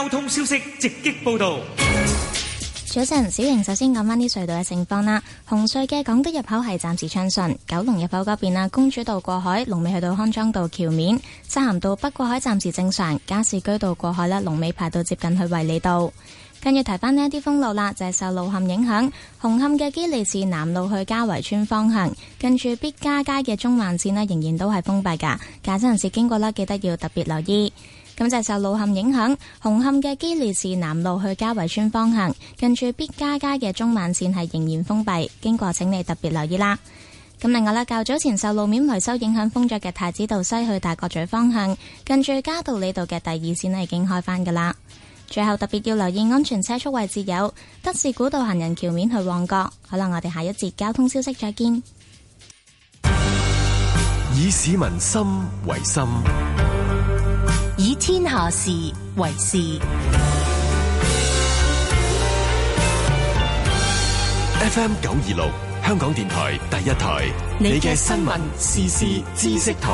交通消息直擊報道。早晨，小瑩首先講翻啲隧道嘅情況啦。紅隧嘅港島入口係暫時暢順，九龍入口嗰邊啦，公主道過海龍尾去到康莊道橋面，漆咸道北過海暫時正常，加士居道過海啦，龍尾排到接近去維里道。今日提翻呢一啲封路啦，就係受路陷影響，紅磡嘅機利士南路去家維邨方向，跟住必嘉街嘅中環線啦，仍然都係封閉噶，駕駛人士經過啦，記得要特別留意。咁就係受路陷影響，紅磡嘅機利士南路去家維邨方向近住必嘉街嘅中慢線係仍然封閉，經過請你特別留意啦。咁另外啦，較早前受路面維修影響封着嘅太子道西去大角咀方向近住嘉道理道嘅第二線已經開返噶啦。最後特別要留意安全車速位置有德士古道行人橋面去旺角。好啦，我哋下一節交通消息再見。以市民心為心，天下事為事，FM 九二六香港電台第一台，你嘅新聞時事知、知識台。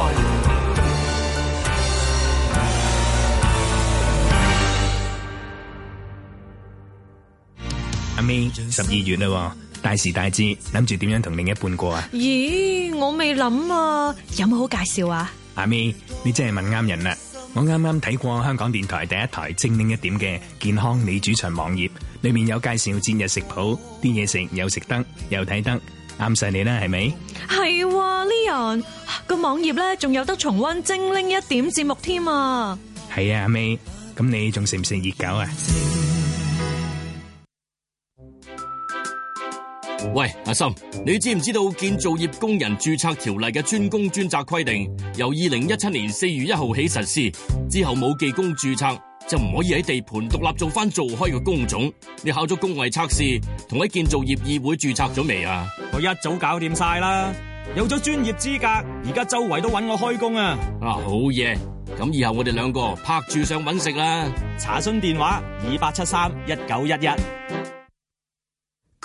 阿咪，十二月啦，大時大節，諗住點樣同另一半過啊？咦，我未諗啊，有冇好介紹啊？阿咪，你真係問啱人啦！我啱啱睇過香港電台第一台精靈一點嘅健康你主場網頁，裏面有介紹節日食譜，啲嘢食又食得又睇得啱晒你啦，係咪？係啊，Leon 個網頁咧仲有得重溫精靈一點節目添啊！係啊，阿咪，咁你仲食唔食熱狗啊？喂，阿心，你知唔知道建造業工人註冊條例嘅專工專責規定由二零一七年四月一號起實施，之後冇技工註冊就唔可以喺地盤獨立做返做開嘅工種。你考咗工位測試同喺建造業議會註冊咗未啊？我一早搞掂晒啦，有咗專業資格，而家周圍都搵我開工啊！啊好嘢，咁以後我哋兩個拍住上搵食啦。查詢電話：二八七三一九一一。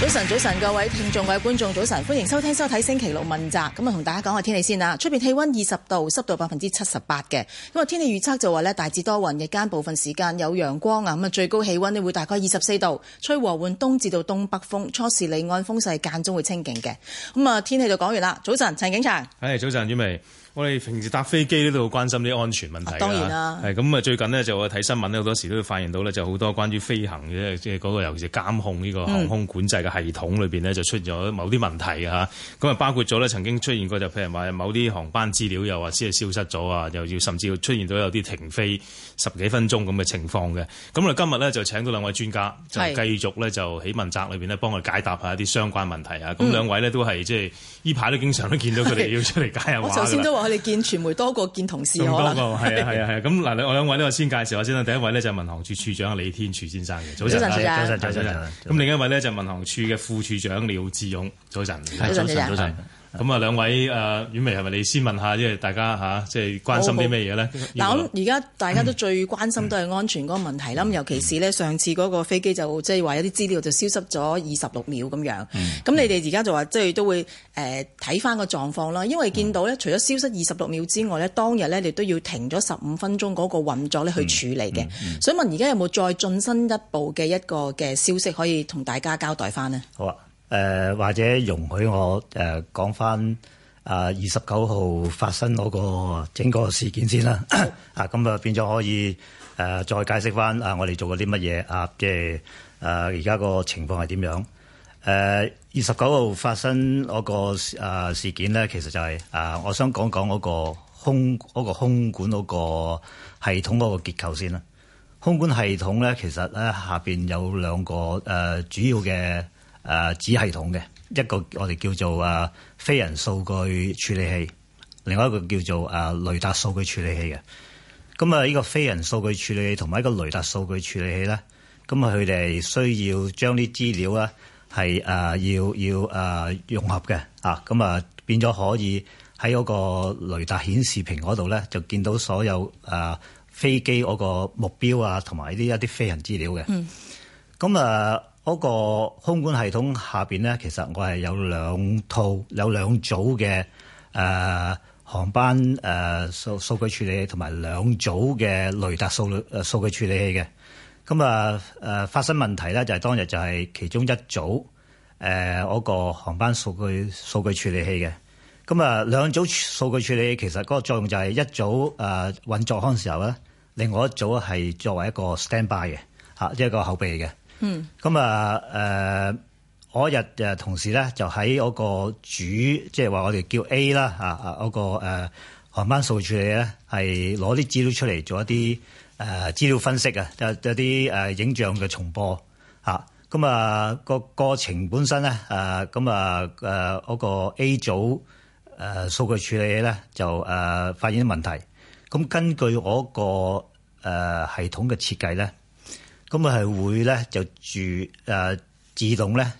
早晨，早晨，各位聽眾、各位觀眾，早晨，歡迎收聽、收睇《星期六問責》。咁啊，同大家講下天氣先啦。出邊氣温二十度，濕度百分之七十八嘅。咁啊，天氣預測就話呢，大致多雲，日間部分時間有陽光啊。咁啊，最高氣温呢會大概二十四度，吹和緩東至到東北風，初時離岸風勢間中會清勁嘅。咁啊，天氣就講完啦。早晨，陳景祥。係，早晨，婉薇。我哋平時搭飛機呢都好關心啲安全問題㗎，係咁啊！最近呢，就我睇新聞呢，好多時都會發現到呢，就好多關於飛行嘅，即係嗰個尤其是監控呢個航空管制嘅系統裏面呢，就出現咗某啲問題㗎。咁啊，包括咗呢，曾經出現過就譬如話某啲航班資料又話先係消失咗啊，又要甚至要出現到有啲停飛十幾分鐘咁嘅情況嘅。咁我今日呢，就請到兩位專家，就繼續呢，就喺問責裏面呢，幫我解答下一啲相關問題啊。咁、嗯、兩位呢，都係即係呢排都經常都見到佢哋要出嚟解下你哋見傳媒多過見同事，可能係啊係啊係啊。咁 嗱，我兩位呢，我先介紹下先啦。第一位咧就係民航處處長李天柱先生嘅，早晨，早晨，早晨。早晨。咁另一位咧就係民航處嘅副處長廖志勇，早晨，早晨，早晨。早晨，早晨，早晨，早晨。咁啊，兩位誒，婉薇係咪你先問下，即係大家吓，啊，即係關心啲咩嘢咧？嗱，而家大家都最關心都係安全嗰個問題啦，嗯。尤其是咧，上次嗰個飛機就即係話有啲資料就消失咗二十六秒咁樣，咁，嗯嗯、你哋而家就話即係都會誒睇翻個狀況啦。因為見到咧，除咗消失二十六秒之外咧，嗯，當日咧你都要停咗十五分鐘嗰個運作咧去處理嘅。想，嗯嗯嗯、問而家有冇再進新一步嘅一個嘅消息可以同大家交代翻咧？好啊。誒、呃、或者容許我誒講翻啊，二十九號發生嗰個整個事件先啦。啊，咁啊，變咗可以誒、呃、再解釋翻啊，我哋做過啲乜嘢啊？即係誒而家個情況係點樣？誒二十九號發生嗰個事件咧，其實就係、是、啊、呃，我想講講嗰個空嗰、嗰個、空管嗰個系統嗰個結構先啦。空管系統咧，其實咧下邊有兩個誒、呃、主要嘅。誒、啊，子系統嘅一個，我哋叫做誒、啊、飛行數據處理器，另外一個叫做誒、啊、雷達數據處理器嘅。咁啊，依、這個飛行數據處理器同埋一個雷達數據處理器咧，咁啊，佢哋需要將啲資料咧係誒要要誒、啊、融合嘅啊，咁啊變咗可以喺嗰個雷達顯示屏嗰度咧，就見到所有誒、啊、飛機嗰個目標啊，同埋呢一啲飛行資料嘅。咁、嗯、啊～嗰、那個空管系統下邊咧，其實我係有兩套、有兩組嘅誒、啊、航班誒數數據處理，同埋兩組嘅雷達數誒數據處理器嘅。咁啊誒、啊、發生問題咧，就係、是、當日就係其中一組誒嗰、啊那個、航班數據數據處理器嘅。咁啊兩組數據處理器其實個作用就係一組誒、啊、運作嘅時候咧，另外一組係作為一個 standby 嘅吓，即、啊、係一個後備嘅。嗯，咁啊，誒，我日誒同事咧就喺嗰個主，即係話我哋叫 A 啦、那個，啊、那、啊、個，嗰、那個航班數據處理咧係攞啲資料出嚟做一啲誒資料分析啊，有有啲誒影像嘅重播啊，咁、那、啊、個那個過程本身咧，誒咁啊誒嗰個 A 組誒數據處理咧就誒發現現問題，咁根據嗰、那個誒、那個、系統嘅設計咧。咁啊，係會咧就住誒自動咧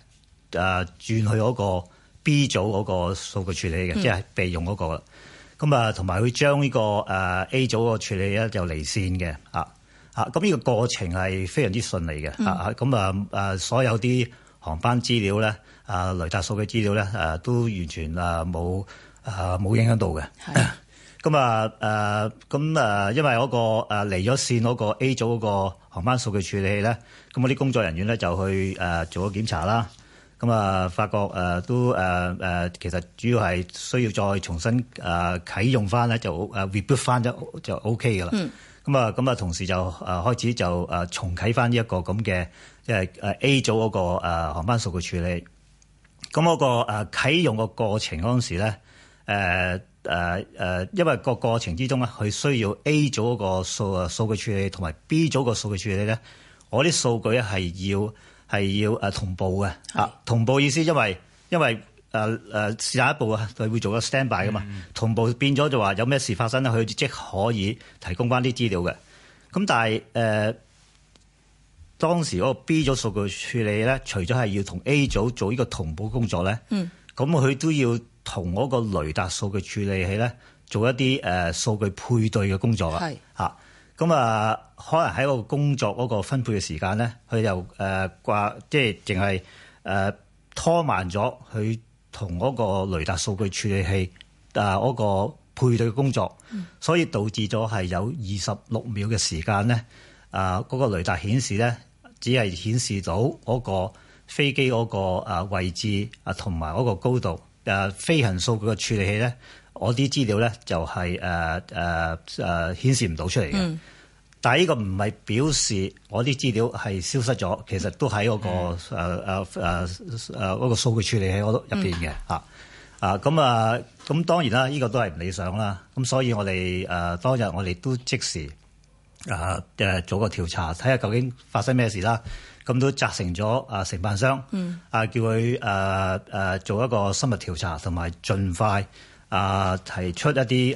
誒轉去嗰個 B 組嗰個數據處理嘅、嗯，即係備用嗰、那個啦。咁啊，同埋會將呢個誒 A 組個處理咧就離線嘅，咁、這、呢個過程係非常之順利嘅，咁、嗯、啊所有啲航班資料咧，啊雷達數據資料咧，都完全誒冇誒冇影響到嘅。咁啊咁啊，因為嗰個離離咗線嗰個 A 組嗰個。航班數據處理器咧，咁我啲工作人員咧就去誒做咗檢查啦，咁啊發覺誒都誒誒，其實主要係需要再重新誒啟用翻咧，就誒 reboot 翻就 OK 噶啦。咁啊咁啊，同時就開始就誒重啟翻一個咁嘅即係 A 組嗰個航班數據處理。咁嗰個誒啟用個過程嗰陣時咧，誒。誒、呃、誒，因為個過程之中咧，佢需要 A 組個數誒數據處理，同埋 B 組個數據處理咧，我啲數據咧係要係要誒同步嘅啊！同步意思，因為因為誒誒，呃呃、下一步啊，佢會做個 standby 噶、嗯、嘛。同步變咗就話有咩事發生咧，佢即可以提供翻啲資料嘅。咁但係誒、呃，當時嗰個 B 組數據處理咧，除咗係要同 A 組做呢個同步工作咧，嗯。咁佢都要同嗰個雷達數據處理器呢做一啲、呃、數據配對嘅工作啊！係吓咁啊，可能喺個工作嗰個分配嘅時間呢，佢又、呃、掛，即係淨係拖慢咗佢同嗰個雷達數據處理器啊嗰、呃嗰個配對嘅工作、嗯，所以導致咗係有二十六秒嘅時間呢。嗰、呃嗰個雷達顯示呢，只係顯示到嗰、嗰個飛機嗰個位置啊同埋嗰個高度，誒飛行數據嘅處理器咧，我啲資料咧就係誒誒誒顯示唔到出嚟嘅、嗯。但係呢個唔係表示我啲資料係消失咗，其實都喺嗰個誒誒誒誒嗰個數據處理器嗰入邊嘅嚇。啊咁啊咁當然啦，呢、呢個都係唔理想啦。咁所以我哋誒、呃、當日我哋都即時誒誒、呃、做個調查，睇下究竟發生咩事啦。咁都責成咗啊，承辦商、嗯、啊，叫佢誒誒做一個深入調查，同埋盡快。啊、呃，提出一啲誒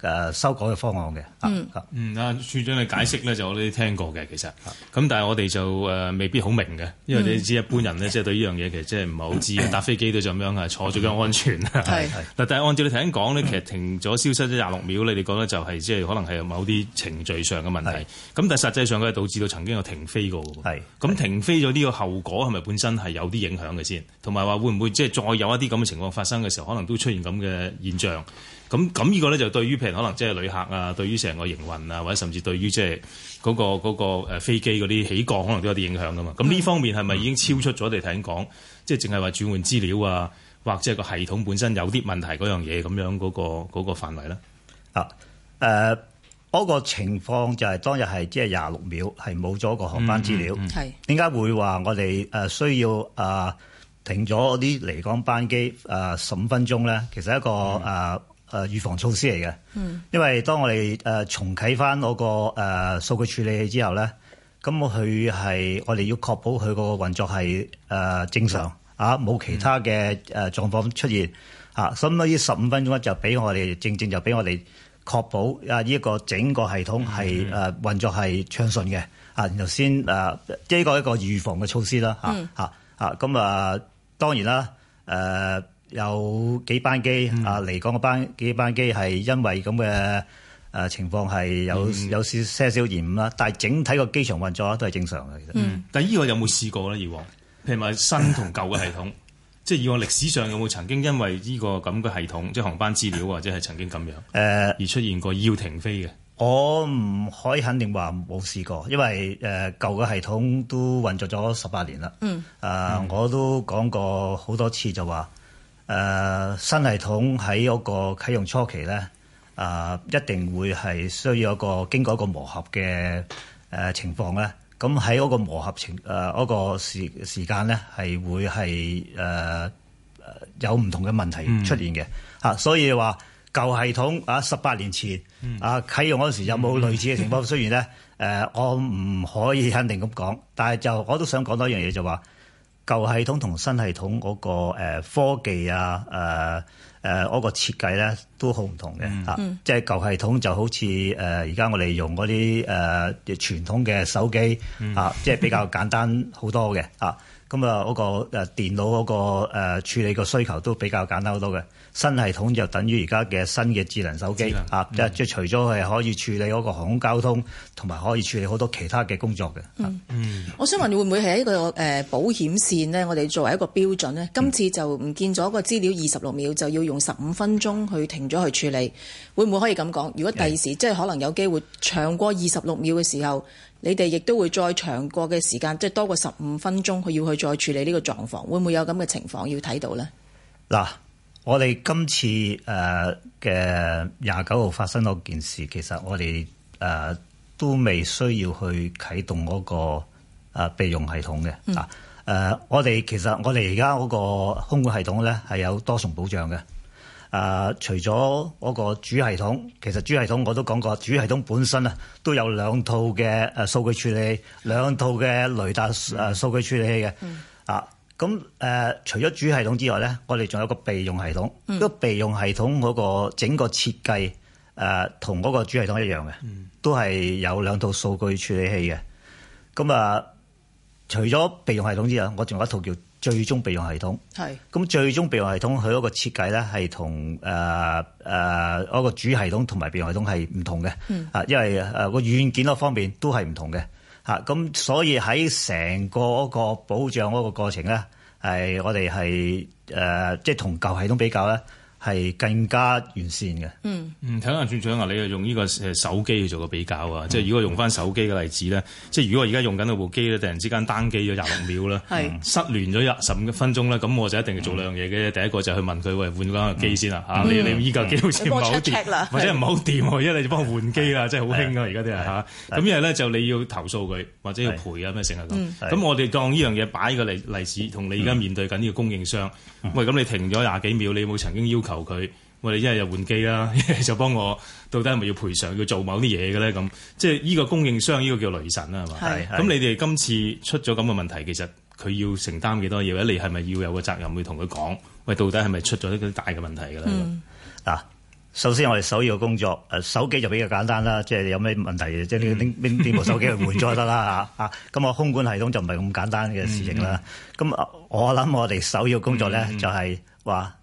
誒修改嘅方案嘅、嗯啊嗯。啊，處長嘅解釋咧、嗯，就我哋都聽過嘅其實。咁、嗯、但係我哋就誒、呃、未必好明嘅，因為你知一般人咧，即、嗯、係對呢樣嘢其實即係唔係好知。搭飛機都咁樣係坐咗緊安全、嗯、但係按照你頭先講咧，其實停咗消失咗廿六秒，你哋覺得就係即係可能係某啲程序上嘅問題。咁但係實際上佢係導致到曾經有停飛過嘅。係。咁停飛咗呢個後果係咪本身係有啲影響嘅先？同埋話會唔會即係、就是、再有一啲咁嘅情況發生嘅時候，可能都出現咁嘅？現象。咁咁呢個咧，就對於譬如可能即係旅客啊，對於成個營運啊，或者甚至對於即係嗰個嗰、嗰個誒飛機嗰啲起降，可能都有啲影響噶嘛。咁呢方面係咪已經超出咗我哋頭先講，即係淨係話轉換資料啊，或者係個系統本身有啲問題嗰樣嘢咁樣，嗰個嗰、嗰個範圍咧？啊嗰、呃嗰個情況就係當日係即係廿六秒係冇咗個航班資料，係點解會話我哋需要啊？呃停咗啲離港班機十五分鐘咧，其實係一個啊預防措施嚟嘅、嗯，因為當我哋重啟翻我個誒數據處理器之後咧，咁我佢係我哋要確保佢個運作係正常、嗯、啊，冇其他嘅誒狀況出現、嗯啊、所以咁呢十五分鐘咧就俾我哋正正就俾我哋確保啊呢一個整個系統係誒、嗯啊、運作係暢順嘅啊，然後先誒即係呢個一個預防嘅措施啦咁啊！啊啊啊啊當然啦，誒、呃、有幾班機、嗯、啊嚟港嘅班幾班機係因為咁嘅誒情況係有、嗯、有，少有少少少延誤啦，但係整體個機場運作都係正常嘅。其實，嗯、但係呢個有冇試過咧？以往譬如話新同舊嘅系統， 即係以往歷史上有冇曾經因為呢個咁嘅系統，即係航班資料或者係曾經咁樣誒而出現過要停飛嘅？呃我唔可以肯定話冇試過，因為誒舊嘅系統都運作咗十八年啦。嗯。啊、呃，我都講過好多次就話，誒、呃、新系統喺嗰個啟用初期咧，啊、呃、一定會係需要一個經過一個磨合嘅誒情況咧。咁喺嗰個磨合情誒嗰個時時間咧，係會係誒有唔同嘅問題出現嘅。嚇、嗯啊，所以話。舊系統啊，十八年前啊啟用嗰時有冇類似嘅情況？雖然咧，誒，我唔可以肯定咁講，但係就我都想講多一樣嘢，就話舊系統同新系統嗰個誒科技、呃呃嗯、啊，誒誒嗰個設計咧都好唔同嘅吓。即係舊系統就好似誒而家我哋用嗰啲誒傳統嘅手機啊，即、就、係、是、比較簡單好多嘅啊。咁啊，嗰個誒電腦嗰個誒處理個需求都比較簡單好多嘅。新系統就等於而家嘅新嘅智能手機啊，即係、嗯即係、除咗係可以處理嗰個航空交通，同埋可以處理好多其他嘅工作嘅、嗯。嗯，我想問你會唔會係一個誒保險線呢？我哋作為一個標準咧、嗯，今次就唔見咗個資料二十六秒就要用十五分鐘去停咗去處理，會唔會可以咁講？如果第二時即係可能有機會長過二十六秒嘅時候，你哋亦都會再長過嘅時間，即係多過十五分鐘，佢要去再處理呢個狀況，會唔會有咁嘅情況要睇到呢？嗱。我哋今次誒嘅廿九號發生嗰件事，其實我哋誒都未需要去啟動嗰個誒備用系統嘅、嗯、啊。誒，我哋其實我哋而家嗰個空管系統咧，係有多重保障嘅。誒、啊，除咗嗰個主系統，其實主系統我都講過，主系統本身啊都有兩套嘅誒數據處理器，兩套嘅雷達誒數據處理器嘅啊。嗯。咁誒，除咗主系統之外咧，我哋仲有個備用系統。個備用系統嗰個整個設計誒，同嗰個主系統一樣嘅，都係有兩套數據處理器嘅。咁啊，除咗備用系統之外，我仲有，有，有一套叫最終備用系統。係。咁最終備用系統，佢嗰個設計咧，係同誒誒嗰個主系統同埋備用系統係唔同嘅。啊，因為誒個軟件嗰方面都係唔同嘅。吓、啊，咁所以喺成個嗰個保障嗰個過程咧，係我哋係誒，即係同舊系統比較咧。係更加完善嘅。嗯，嗯，睇下處長啊，你又用呢個誒手機去做個比較啊、嗯，即係如果用翻手機嘅例子咧，即係如果我而家用緊嗰部機咧，突然之間 down 機咗廿六秒啦，係、 嗯、失聯咗廿十五分鐘咧，咁我就一定要做兩樣嘢嘅。第一個就係去問佢，喂，換翻個機先啦、啊，嚇、嗯啊、你、嗯、你依個機好似唔係好掂，或者唔係好掂，一 嚟就幫我換機啦，真係好興㗎，而家啲人嚇。咁二係咧就你要投訴佢，或者要賠啊咩成日咁。咁、嗯、我哋當呢樣嘢擺個例例子，同你而家面對緊呢個供應商，嗯、喂，咁你停咗廿幾秒，你有冇曾經要求？求佢，換機，我哋一日又換機啦，一就幫我到底係咪要賠償，要做某啲嘢嘅咧？咁即係呢個供應商呢、呢個叫雷神啦，係嘛？咁你哋今次出咗咁嘅問題，其實佢要承擔幾多嘢？你係咪要有個責任去同佢講？喂，到底係咪出咗啲大嘅問題㗎咧？嗱、嗯，首先我哋首要工作，誒，手機就比較簡單啦，即係有咩問題，即係拎邊部手機去換咗得啦吓啊！咁我空管系統就唔係咁簡單嘅事情啦。咁、嗯嗯、我諗我哋首要工作咧、就是，就係話。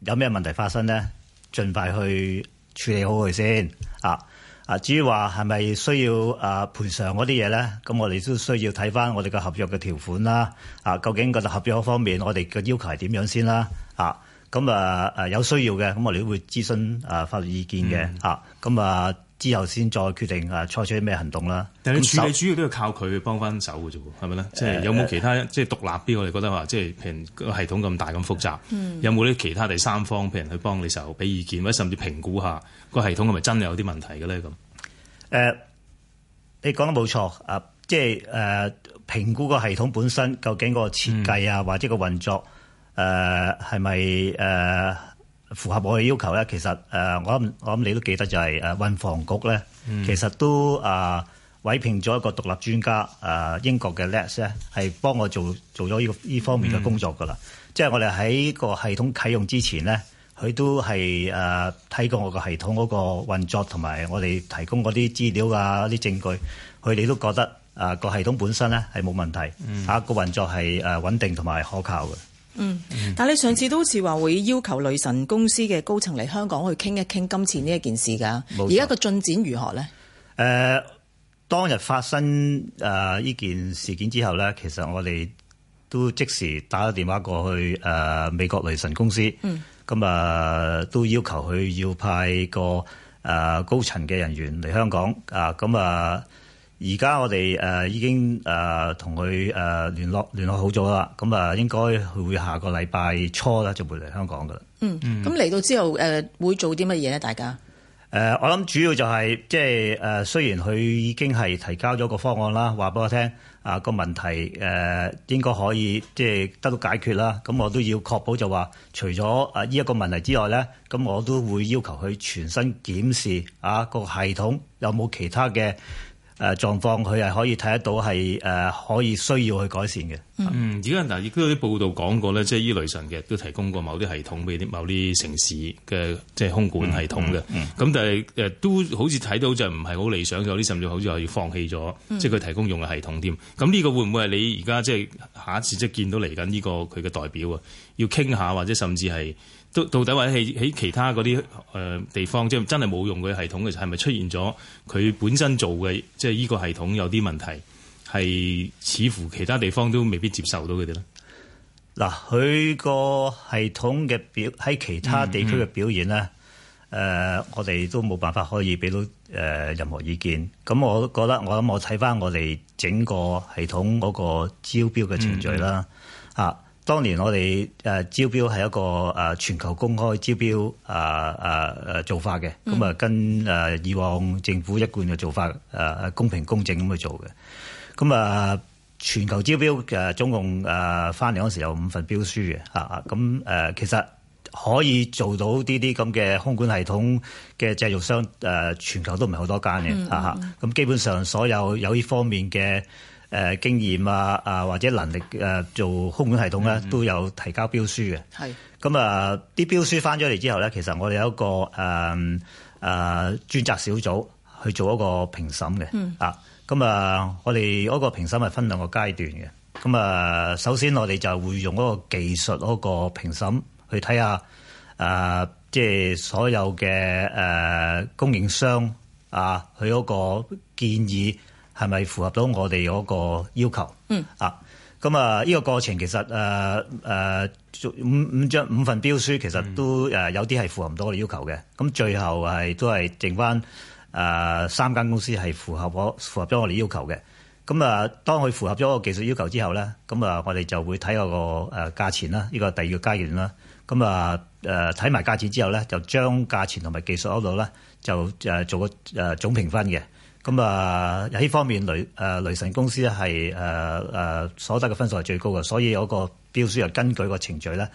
有咩問題發生咧？盡快去處理好佢先。啊啊，至於話係咪需要啊賠償嗰啲嘢咧？咁我哋都需要睇返我哋嘅合約嘅條款啦。啊，究竟嗰個合約嗰方面，我哋嘅要求係點樣先啦？啊，咁啊誒有需要嘅，咁我哋都會諮詢啊法律意見嘅、嗯。啊，咁啊。之後先再決定誒採取啲咩行動啦。但你處理主要都要靠佢幫翻手嘅啫喎，係咪咧？即係有冇其他、嗯、即係獨立啲？我哋覺得話，即係平個系統咁大咁複雜，嗯、有冇啲其他第三方譬如去幫你時候俾意見或者甚至評估下個系統係咪真係有啲問題嘅咧？咁、嗯、誒，你講得冇錯啊！即係誒、呃、評估個系統本身究竟個設計啊、嗯、或者個運作誒係咪誒？呃是符合我嘅要求咧，其實誒我諗我諗你都記得就係誒運房局咧，其實都誒、嗯啊、委聘咗一個獨立專家誒英國嘅 l e s 咧，係幫我做做咗呢個呢方面嘅工作噶啦、嗯。即係我哋喺個系統啟用之前咧，佢都係誒睇過我個系統嗰個運作同埋我哋提供嗰啲資料啊、啲證據，佢哋都覺得誒個系統本身咧係冇問題，下個運作係誒穩定同埋可靠嘅。嗯，但係你上次都好似話會要求雷神公司嘅高層嚟香港去傾一傾今次呢一件事㗎，而家個進展如何呢？誒、呃，當日發生誒呢件事件之後呢，其實我哋都即時打咗電話過去誒、呃、美國雷神公司，咁、嗯、啊都要求佢要派個誒、呃、高層嘅人員嚟香港啊咁啊。而家我哋誒已經誒同佢誒聯絡聯絡好咗啦，咁啊應該會下個禮拜初咧就會嚟香港噶啦。嗯，咁嚟到之後誒會做啲乜嘢咧？大家誒、呃，我諗主要就係、是、即係誒，雖然佢已經係提交咗個方案啦，話俾我聽啊個問題誒應該可以即係得到解決啦。咁、嗯、我都要確保就話，除咗啊呢一個問題之外咧，咁我都會要求佢全身檢視啊個系統有冇其他嘅。誒、呃、狀況，佢係可以睇得到，係、呃、誒可以需要去改善嘅。嗯，而家嗱，亦都有啲報道講過咧，即係依雷神嘅都提供過某啲系統俾啲某啲城市嘅即係空管系統嘅。咁、嗯嗯嗯嗯、但係都好似睇到就唔係好理想，有啲甚至好似話要放棄咗、嗯嗯，即係佢提供用嘅系統添。咁呢個會唔會係你而家即係下一次即係見到嚟緊呢個佢嘅代表啊？要傾下，或者甚至係。都到底或者喺喺其他嗰啲誒地方，即係真係冇用佢系統嘅時候，係咪出現咗佢本身做嘅即係依個系統有啲問題，係似乎其他地方都未必接受到佢哋咧？嗱，佢個系統嘅表喺其他地區嘅表現咧，誒、嗯嗯呃，我哋都冇辦法可以俾到誒任何意見。咁我都覺得我諗我睇翻我哋整個系統嗰個招標嘅程序啦，吓、嗯。當年我哋誒招標係一個誒全球公開招標誒誒誒做法嘅，咁、嗯、啊跟誒以往政府一貫嘅做法誒公平公正咁去做嘅。咁啊全球招標誒總共誒翻嚟嗰時有五份標書嘅，嚇，咁誒其實可以做到呢啲咁嘅空管系統嘅製造商誒全球都唔係好多間嘅，嚇嚇。咁、嗯嗯、基本上所有有呢方面嘅。誒、呃、經驗啊啊、呃、或者能力誒、呃、做空管系統咧、嗯、都有提交標書嘅，咁啊啲標書返咗嚟之後咧，其實我哋有一個誒誒、呃呃、專責小組去做一個評審嘅、嗯，啊咁啊、呃、我哋嗰個評審係分兩個階段嘅，咁啊、呃、首先我哋就會用嗰個技術嗰個評審去睇下誒即係所有嘅誒、呃、供應商啊佢嗰個建議。係咪符合到我哋嗰個要求？嗯。啊，咁啊，呢個過程其實誒誒、呃、五五張五份標書其實都誒有啲係符合唔到我哋要求嘅。咁、嗯、最後係都係剩返誒三間公司係符合我符合咗我哋要求嘅。咁啊，當佢符合咗個技術要求之後咧，咁啊，我哋就會睇嗰個誒價錢啦，呢、呢個第二個階段啦。咁啊誒睇埋價錢之後咧，就將價錢同埋技術嗰度咧就誒做個誒總評分嘅。咁啊，喺呢方面雷誒雷神公司咧係誒誒所得嘅分數係最高嘅，所以有個標書，又根據個程序咧。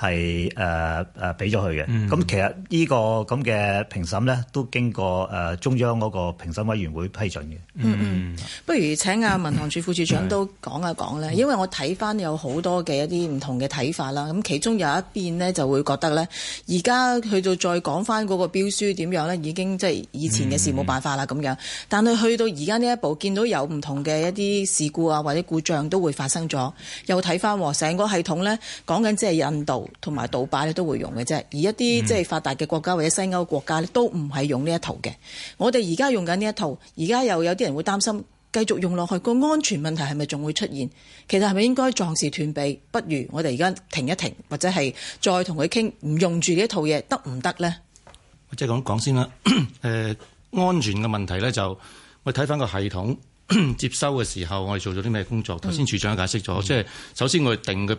係誒誒俾咗佢嘅，咁、呃啊啊嗯、其實呢、呢個咁嘅評審呢，都經過誒、呃、中央嗰個評審委員會批准嘅、嗯。嗯，不如請啊民航處副處長、嗯、都講一講呢，因為我睇翻有好多嘅一啲唔同嘅睇法啦。咁其中有一邊呢，就會覺得呢，而家去到再講翻嗰個標書點樣呢，已經即係以前嘅事冇辦法啦咁樣。但係去到而家呢一步，見到有唔同嘅一啲事故啊或者故障都會發生咗，又睇翻成個系統呢，講緊即係印度，同埋杜拜咧都會用嘅啫，而一啲即係發達嘅國家或者西歐國家咧都唔係用呢一套嘅。我哋而家用緊呢一套，而家又有啲人會擔心繼續用落去個安全問題係咪仲會出現？其實係咪應該壯士斷臂？不如我哋而家停一停，或者係再同佢傾唔用住呢一套嘢得唔得呢？即係咁講先啦。誒，安全嘅問題咧就係、我睇翻個系統接收嘅時候，我哋做咗啲咩工作？頭先處長解釋咗、嗯，即係首先我哋定嘅。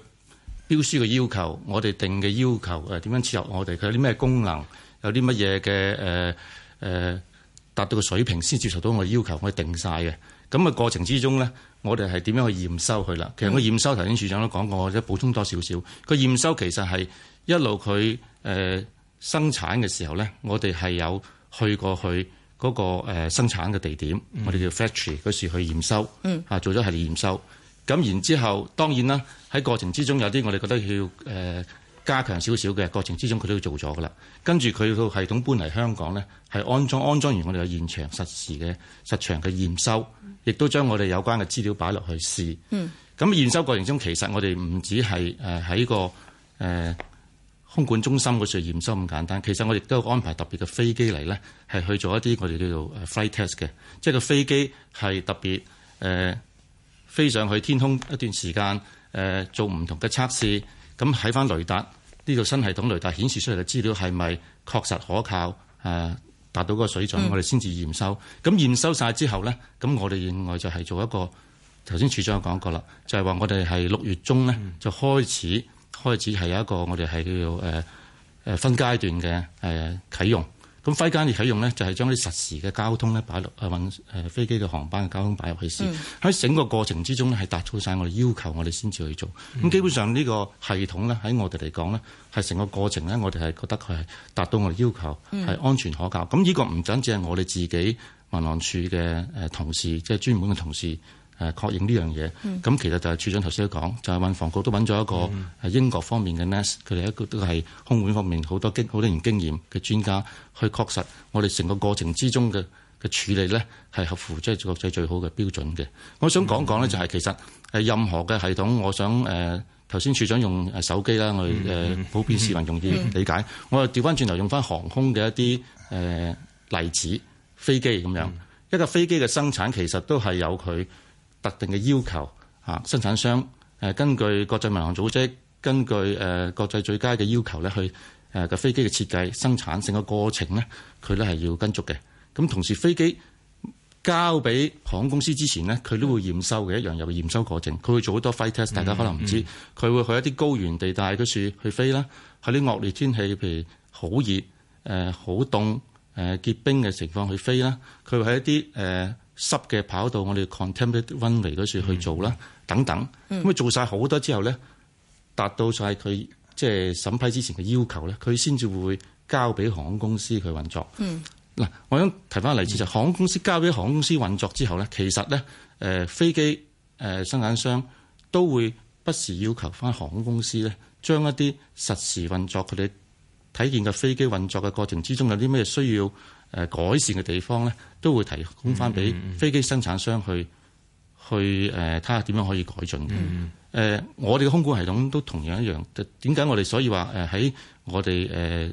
標書嘅要求，我哋定嘅要求誒點樣切入我哋，佢有啲咩功能，有啲乜嘢嘅誒誒達到個水平先接受到我嘅要求？我哋定晒嘅。咁嘅過程之中咧，我哋係點樣去驗收佢啦？其實個驗收，頭先處長都講過，我即係補充多少少。個驗收其實係一路佢誒生產嘅時候咧，我哋係有去過去嗰個生產嘅地點，我哋叫 factory 嗰時去驗收，嚇做咗系列驗收。咁然之後，當然啦，喺過程之中有啲我哋覺得要誒加強少少嘅過程之中，佢都要做咗㗎喇。跟住佢個系統搬嚟香港咧，係安裝，安裝完我哋有現場實時嘅實場嘅驗收，亦都將我哋有關嘅資料擺落去試。咁、嗯、驗收過程中，其實我哋唔止係誒喺個誒、呃、空管中心嗰處驗收咁簡單，其實我亦都有安排特別嘅飛機嚟咧，係去做一啲我哋叫做 flight test 嘅，即係個飛機係特別誒。呃飛上去天空一段時間誒、呃、做唔同嘅測試，咁睇翻雷達呢度新系統雷達顯示出嚟嘅資料係咪確實可靠？誒達到個水準，嗯、我哋先至驗收。咁驗收晒之後咧，咁我哋另外就係做一個頭先處長講過啦，就係、是、話我哋係六月中咧就開始、嗯、開始係有一個我哋係叫做誒誒分階段嘅誒啟用。咁揮加嚟使用咧，就係、是、將啲實時嘅交通咧擺落啊，運誒飛機嘅航班嘅交通擺入去先。喺、嗯、整個過程之中咧，係達到晒我哋要，要求，我哋先至去做。咁基本上呢個系統咧，喺我哋嚟講咧，係成個過程咧，我哋係覺得佢係達到我哋要求，係安全可靠。咁呢個唔單止係我哋自己民航處嘅同事，即、就、係、是、專門嘅同事。誒確認呢樣嘢咁，其實就係處長頭先都講，就係、是、運房局都揾咗一個英國方面嘅 nest，佢哋一個都係空管方面好多經好多年經驗嘅專家去確實我哋成個過程之中嘅嘅處理咧係合乎即係國際最好嘅標準嘅、嗯。我想講講咧，就係其實任何嘅系統，我想誒頭先處長用手機啦，我哋、呃嗯、普遍市民容易理解。嗯、我又調翻轉頭用翻航空嘅一啲誒、呃、例子飛機咁樣、嗯、一個飛機嘅生產，其實都係有佢。特定嘅要求，嚇生產商誒根據國際民航組織，根據誒國際最佳嘅要求咧，去誒嘅飛機嘅設計、生產性嘅過程咧，佢咧係要跟足嘅。咁同時飛機交俾航空公司之前呢，佢都會驗收嘅一樣有驗收過程，佢會做好多 flight test，、嗯、大家可能唔知道，佢、嗯、會去一啲高原地帶嗰處去飛啦，喺啲惡劣天氣，譬如好熱、誒好凍、誒結冰嘅情況去飛啦，佢會喺一啲誒。呃濕嘅跑道我哋 contaminated runway 嗰處去做啦、嗯，等等。咁、嗯、啊做晒好多之後咧，達到晒佢即係審批之前嘅要求咧，佢先至會交俾航空公司去運作。嗱、嗯，我想提翻個例子、嗯、就係、航空公司交俾航空公司運作之後咧，其實咧誒飛機誒、呃、生產商都會不時要求翻航空公司咧，將一啲實時運作佢哋睇見嘅飛機運作嘅過程之中有啲咩需要。誒改善嘅地方咧，都會提供翻俾飛機生產商去、mm -hmm. 去誒睇下點樣可以改進嘅。誒、mm -hmm. 呃，我哋嘅空管系統都同樣一樣。點解我哋所以話誒喺我哋誒、呃、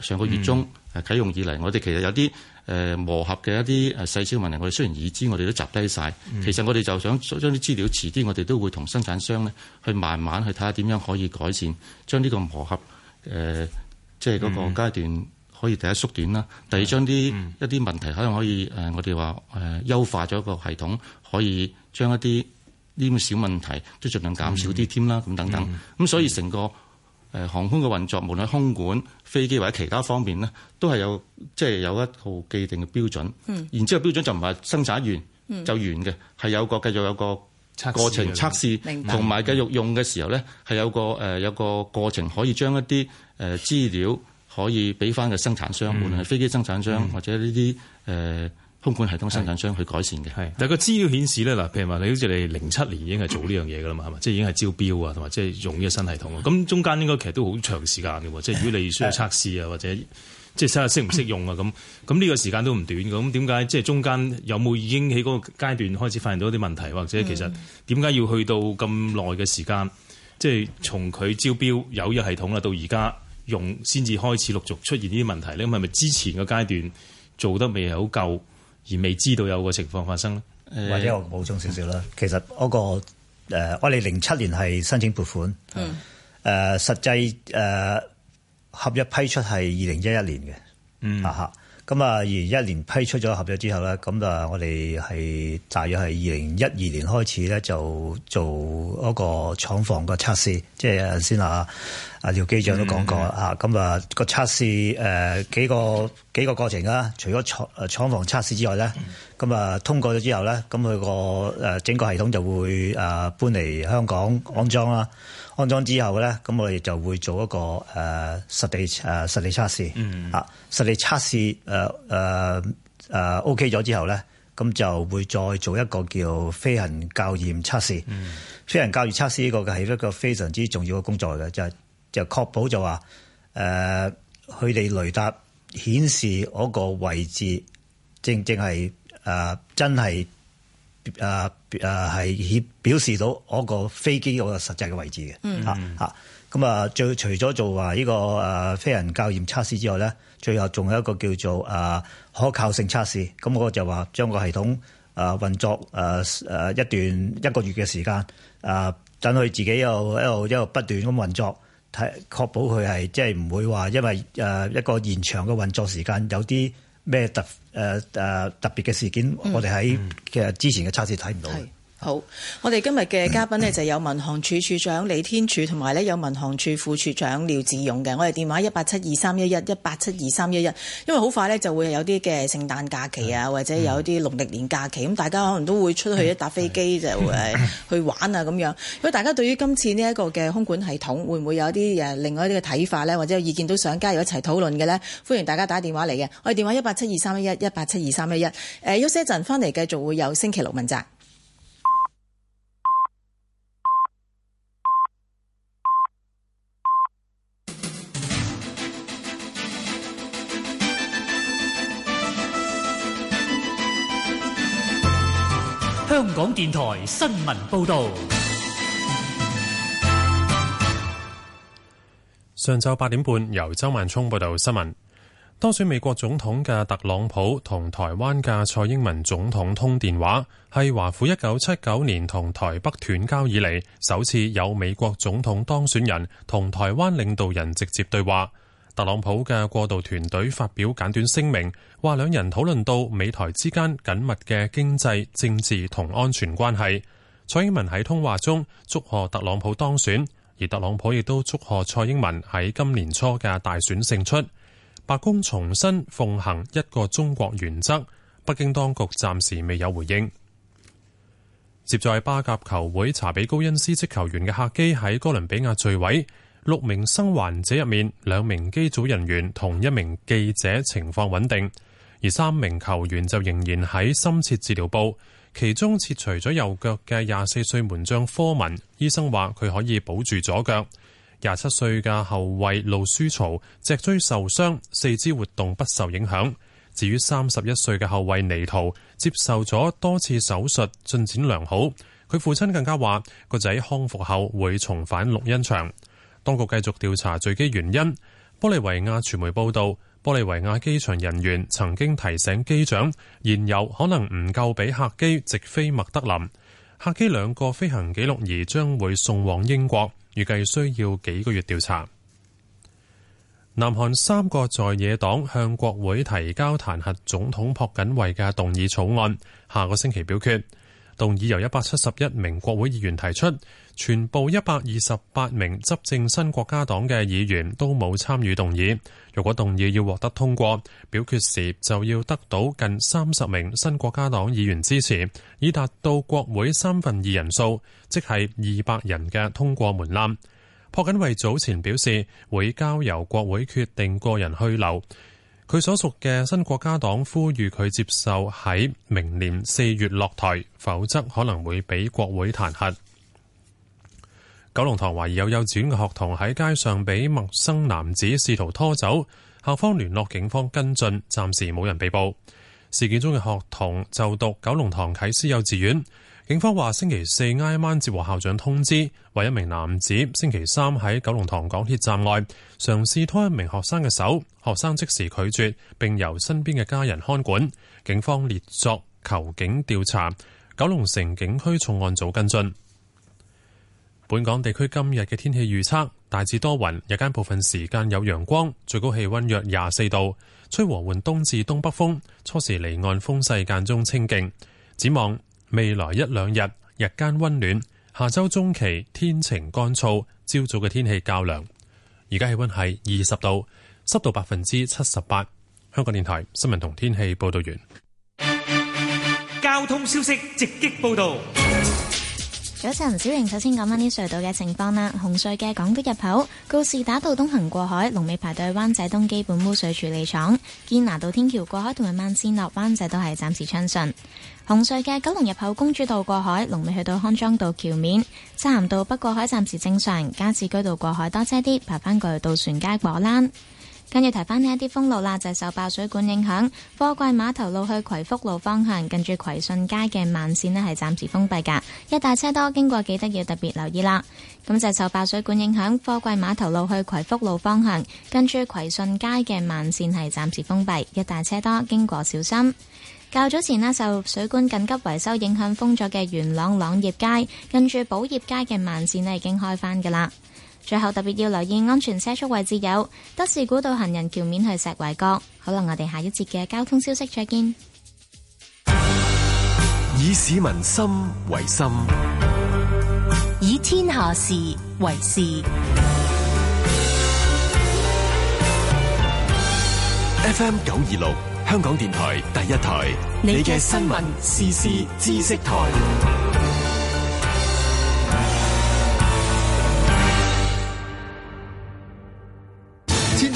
上個月中啟、mm -hmm. 用以嚟，我哋其實有啲誒、呃、磨合嘅一啲細小嘅問題，我哋雖然已知，我哋都集低晒。Mm -hmm. 其實我哋就想將啲資料遲啲，我哋都會同生產商咧去慢慢去睇下點樣可以改善，將呢個磨合誒、呃，即係嗰個階段。Mm -hmm. 可以第一縮短啦，第二將啲一啲問題、嗯，可能可以誒我哋話誒優化咗個系統，可以將一啲呢啲小問題都盡量減少啲添啦，咁、嗯、等等。咁、嗯嗯、所以成個誒航空嘅運作，無論喺空管、飛機或者其他方面咧，都係有即係、就是、有一套既定嘅標準。嗯、然之後標準就唔係生產完、嗯、就完嘅，係有個繼續有個過程測試，測試，同埋繼續用嘅時候咧，係有個誒有個過程可以將一啲誒資料。可以俾翻個生產商，無論係飛機生產商或者呢啲、呃、空管系統生產商去改善嘅。係，但係個資料顯示咧，嗱，譬如話你好似你零七年已經係做呢樣嘢噶啦嘛，係咪？即係已經係招標啊，同埋即係用呢個新系統。咁中間應該其實都好長時間嘅喎，即係如果你需要測試啊，或者即係睇下適唔適用啊，咁咁呢個時間都唔短。咁點解即係中間有冇已經喺嗰個階段開始發現到一啲問題，或者其實點解要去到咁耐嘅時間？即係從佢招標有一個系統啦，到而家。用先至開始陸續出現呢啲問題咧，咁係咪之前嘅階段做得未係好夠，而未知道有個情況發生咧？或者我補充少少啦，其實嗰、嗰個、呃、我哋零七年係申請撥款，嗯，誒、呃、實際、呃、合約批出係二零一一年嘅，嗯啊哈，咁啊二零一一年批出咗合約之後咧，咁啊我哋係大約係二零一二年開始咧就做嗰個廠房個測試，即係先啦。阿廖機長都講過啊，咁、mm、啊 -hmm. 嗯那個測試誒幾個幾個過程啦，除咗廠廠房測試之外咧，咁、嗯、啊、嗯、通過咗之後咧，咁佢個誒整個系統就會誒搬嚟香港安裝啦。安裝之後咧，咁我哋就會做一個誒、呃、實地誒、呃、實地測試，啊、mm -hmm. 實地測試誒誒誒 OK 咗之後咧，咁就會再做一個叫飛行校驗測試。Mm -hmm. 飛行校驗測試呢個係一個非常之重要嘅工作嚟嘅，就係、是。就確保就話誒，佢、呃、哋雷達顯示嗰個位置正正係誒、呃，真係誒誒係表示到嗰個飛機嗰個實際嘅位置嘅吓吓。咁、mm -hmm. 啊，啊，最除咗做話、這、呢個誒、啊、飛行校驗測試之外咧，最後仲有一個叫做誒、啊、可靠性測試。咁我就話將個系統誒、啊、運作誒誒、啊、一段一個月嘅時間啊，等佢自己又一路一路不斷咁運作。睇確保佢係即係唔會話因為誒一個延長嘅運作時間有啲咩特誒誒、呃、特別嘅事件，嗯、我哋喺其實之前嘅測試睇唔到。好，我哋今日嘅嘉賓呢，就有民航處處長李天柱，同埋呢，有民航處副處長廖志勇嘅。我哋電話一八七二三一一一八七二三一一，因為好快呢，就會有啲嘅聖誕假期啊，或者有啲農曆年假期，咁、嗯、大家可能都會出去一搭飛機、嗯、就去玩啊咁、嗯、樣。如果大家對於今次呢一個嘅空管系統會唔會有啲另外一啲嘅睇法呢？或者有意見都想加入一齊討論嘅呢？歡迎大家打電話嚟嘅。我哋電話一八七二三一一一八七二三一一。誒、呃，休息一陣翻嚟，繼續會有星期六問責。香港電台新聞報道：上晝八點半，由周萬聰報道新聞。當選美國總統嘅特朗普同台灣嘅蔡英文總統通電話，係華府一九七九年同台北斷交以嚟，首次有美國總統當選人同台灣領導人直接對話。特朗普嘅過渡團隊發表簡短聲明，話兩人討論到美台之間緊密嘅經濟、政治同安全關係。蔡英文喺通話中祝賀特朗普當選，而特朗普亦都祝賀蔡英文喺今年初嘅大選勝出。白宮重申奉行一個中國原則，北京當局暫時未有回應。接載巴甲球會查比高恩斯職球員嘅客機喺哥倫比亞墜毀。六名生還者入面，兩名機組人員同一名記者情況穩定，而三名球員就仍然喺深切治療部。其中切除咗右腳嘅廿四歲門將科文，醫生話佢可以保住左腳。廿七歲嘅後衛路書曹脊椎受傷，四肢活動不受影響。至於三十一歲嘅後衛尼圖，接受咗多次手術，進展良好。佢父親更加話個仔康復後會重返綠茵場。當局繼續調查墜機原因。玻利維亞傳媒報道，玻利維亞機場人員曾經提醒機長，燃油可能唔夠俾客機直飛麥德林。客機兩個飛行記錄儀將會送往英國，預計需要幾個月調查。南韓三個在野黨向國會提交彈劾總統朴槿惠嘅動議草案，下個星期表決。動議由一百七十一名國會議員提出，全部一百二十八名執政新國家黨嘅議員都冇參與動議。如果動議要獲得通過，表決時就要得到近三十名新國家黨議員支持，以達到國會三分二人數，即係二百人嘅通過門檻。朴槿惠早前表示，會交由國會決定個人去留。佢所屬嘅新國家黨呼籲佢接受喺明年四月落台，否則可能會俾國會彈劾。九龍塘懷疑有幼稚園嘅學童喺街上俾陌生男子試圖拖走，校方聯絡警方跟進，暫時冇人被捕。事件中嘅學童就讀九龍塘啟思幼稚園。警方話星期四挨晚接獲校長通知，為一名男子星期三喺九龍塘港鐵站外嘗試拖一名學生嘅手，學生即時拒絕，並由身邊嘅家人看管。警方列作求警調查。九龍城警區重案組跟進。本港地區今日嘅天氣預測大致多雲，日間部分時間有陽光，最高氣温約廿四度，吹和緩東至東北風，初時離岸風勢間中清勁。展望。未來一兩日日間温暖，下周中期天晴乾燥，朝早嘅天氣較涼。而家氣温係二十度，濕度百分之七十八。香港電台新聞同天氣報道完。交通消息直擊報道。早晨，小瑩首先講翻啲隧道嘅情況啦。紅隧嘅港北入口、告士打道東行過海、龍尾排隊；灣仔東基本污水處理廠、堅拿道天橋過海同埋慢線落灣仔都係暫時暢順。紅隧嘅九龍入口，公主道過海龍尾去到康莊道橋面，西行道北過海暫時正常，加士居道過海多車啲，爬返過去渡船街果欄。跟住提翻呢一啲封路啦，就係、是、受爆水管影響，貨櫃碼頭路去葵福路方向，跟住葵信街嘅慢線係係暫時封閉噶。一大車多，經過記得要特別留意啦。咁就受爆水管影響，貨櫃碼頭路去葵福路方向，跟住葵信街嘅慢線係暫時封閉，一大車多，經過小心。較早前呢，受水管緊急維修影響封咗嘅元朗朗業街，跟住寶業街嘅慢線呢已經開返噶啦。最後特別要留意安全車速位置，有德士古道行人橋面去石圍角。可能我哋下一節嘅交通消息再見。以市民心為心，以天下事為事。F M 九二六香港電台第一台，你嘅新聞、時事、知識台。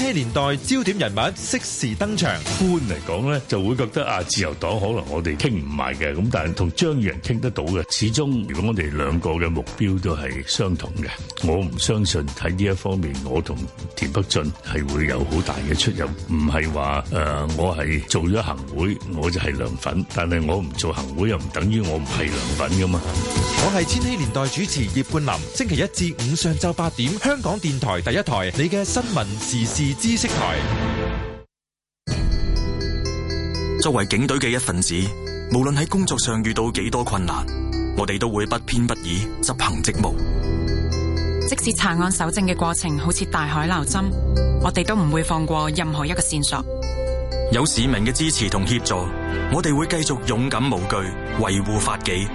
千禧年代焦點人物適時登場，般嚟講咧就會覺得啊，自由黨可能我哋傾唔埋嘅，咁但係同張議員傾得到嘅，始終如果我哋兩個嘅目標都係相同嘅，我唔相信喺呢一方面，我同田北俊係會有好大嘅出入。唔係話誒，我係做咗行會我就係梁粉，但係我唔做行會又唔等於我唔係梁粉噶嘛。我係千禧年代主持葉冠霖，星期一至五上晝八點，香港電台第一台，你嘅新聞時事。知識台。作為警隊嘅一份子，無論喺工作上遇到幾多困難，我哋都會不偏不倚執行職務。即使查案搜證嘅過程好似大海撈針，我哋都唔會放過任何一個線索。有市民嘅支持同協助，我哋會繼續勇敢無懼，維護法紀，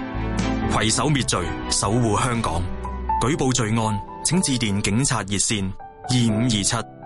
携手滅罪，守護香港。舉報罪案，請致電警察熱線二五二七。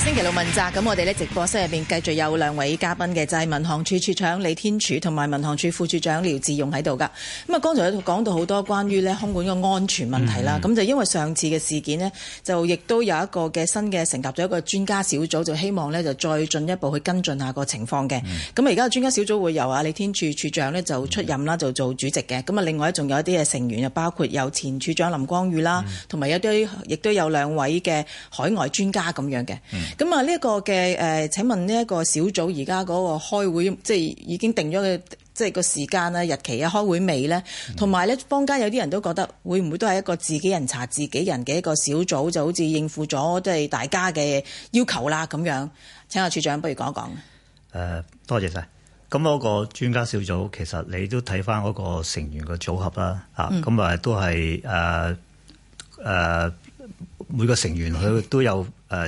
星期六問責，咁我哋咧直播室入面繼續有兩位嘉賓嘅，就係、是、民航處處長李天柱同埋民航處副處長廖志勇喺度噶。咁啊，剛才講到好多關於呢空管嘅安全問題啦。咁、嗯、就因為上次嘅事件呢，就亦都有一個嘅新嘅成立咗一個專家小組，就希望呢就再進一步去跟進下個情況嘅。咁、嗯、啊，而家專家小組會由啊李天柱處長呢就出任啦、嗯，就做主席嘅。咁啊，另外仲有一啲嘅成員，就包括有前處長林光宇啦，同、嗯、埋一啲亦都有兩位嘅海外專家咁樣嘅。咁、嗯、啊，呢一個嘅，誒，請問呢一個小組而家嗰個開會，即係已經定咗嘅，即係個時間啦、日期啊、開會未咧？同埋咧，坊間有啲人都覺得會唔會都係一個自己人查自己人嘅一個小組，就好似應付咗即係大家嘅要求啦咁樣。請阿處長不如講一講。誒、呃，多謝晒。咁嗰個專家小組，其實你都睇返嗰個成員嘅組合啦。吓、嗯，咁啊都係誒誒。呃呃每個成員佢都有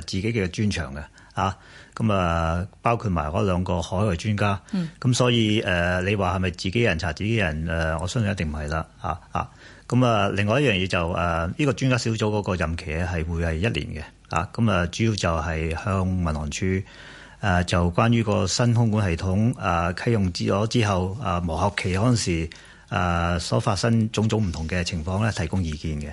自己嘅專長嘅，啊咁啊包括埋嗰兩個海外專家，咁、嗯、所以誒你話係咪自己人查自己人誒？我相信一定唔係啦，啊啊咁啊，另外一樣嘢就誒、是、呢、呢個專家小組嗰個任期係會係一年嘅，啊咁啊主要就係向民航處誒就關於個新空管系統誒啟用之咗之後誒磨合期嗰陣時所發生種種唔同嘅情況咧，提供意見嘅。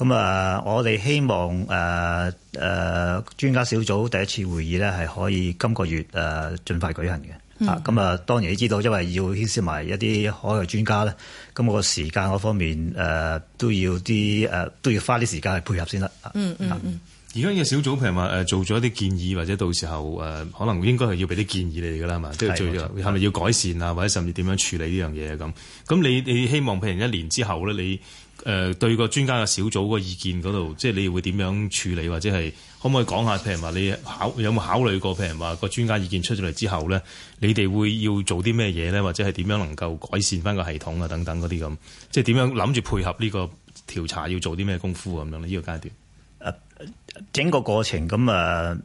咁啊，我哋希望誒，誒，專家小組第一次會議咧，係可以今個月誒盡快舉行嘅。吓、嗯，咁啊當然你知道，因為要牽涉埋一啲海外專家咧，咁個時間嗰方面誒、啊，都要啲誒、啊，都要花啲時間去配合先啦。嗯嗯嗯。而家嘅小組，譬如話，誒，做咗一啲建議，或者到時候誒，可能應該係要俾啲建議你哋噶啦，係咪？即係最，係咪要改善啊，或者甚至點樣處理呢樣嘢咁？咁你你希望譬如一年之後咧，你？誒、呃、對個專家嘅小組個意見嗰度，即係你會點樣處理，或者係可唔可以講下？譬如話你考有冇考慮過？譬如話個專家意見出咗嚟之後咧，你哋會要做啲咩嘢咧，或者係點樣能夠改善翻個系統啊？等等嗰啲咁，即係點樣諗住配合呢個調查要做啲咩功夫咁樣呢？呢、呢個階段，整個過程咁啊、呃，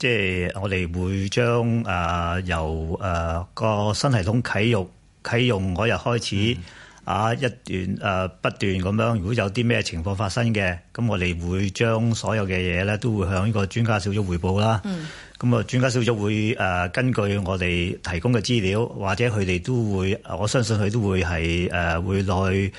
即係我哋會將啊由誒個新系統啟用，啟用嗰日開始。嗯啊！一段誒不斷咁樣，如果有啲咩情況發生嘅，咁我哋會將所有嘅嘢咧，都會向呢個專家小組彙報啦。嗯。咁啊，專家小組會誒根據我哋提供嘅資料，或者佢哋都會，我相信佢都會係誒會落去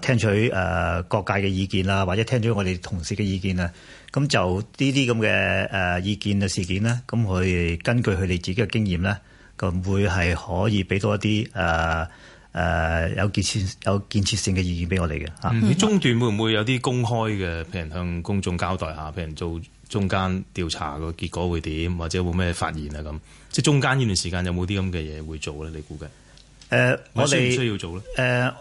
聽取誒各界嘅意見啦，或者聽取我哋同事嘅意見啊。咁就呢啲咁嘅誒意見嘅事件咧，咁佢根據佢哋自己嘅經驗咧，咁會係可以俾到一啲誒。誒、呃，有建設有建設性嘅意見俾我哋嘅嚇。你中段會唔會有啲公開嘅，譬如向公眾交代下，譬如做中間調查個結果會點，或者會有冇咩發現啊？咁即係中間呢段時間有冇啲咁嘅嘢會做咧？你估計？誒、呃，我哋需,需要做咧？誒、呃，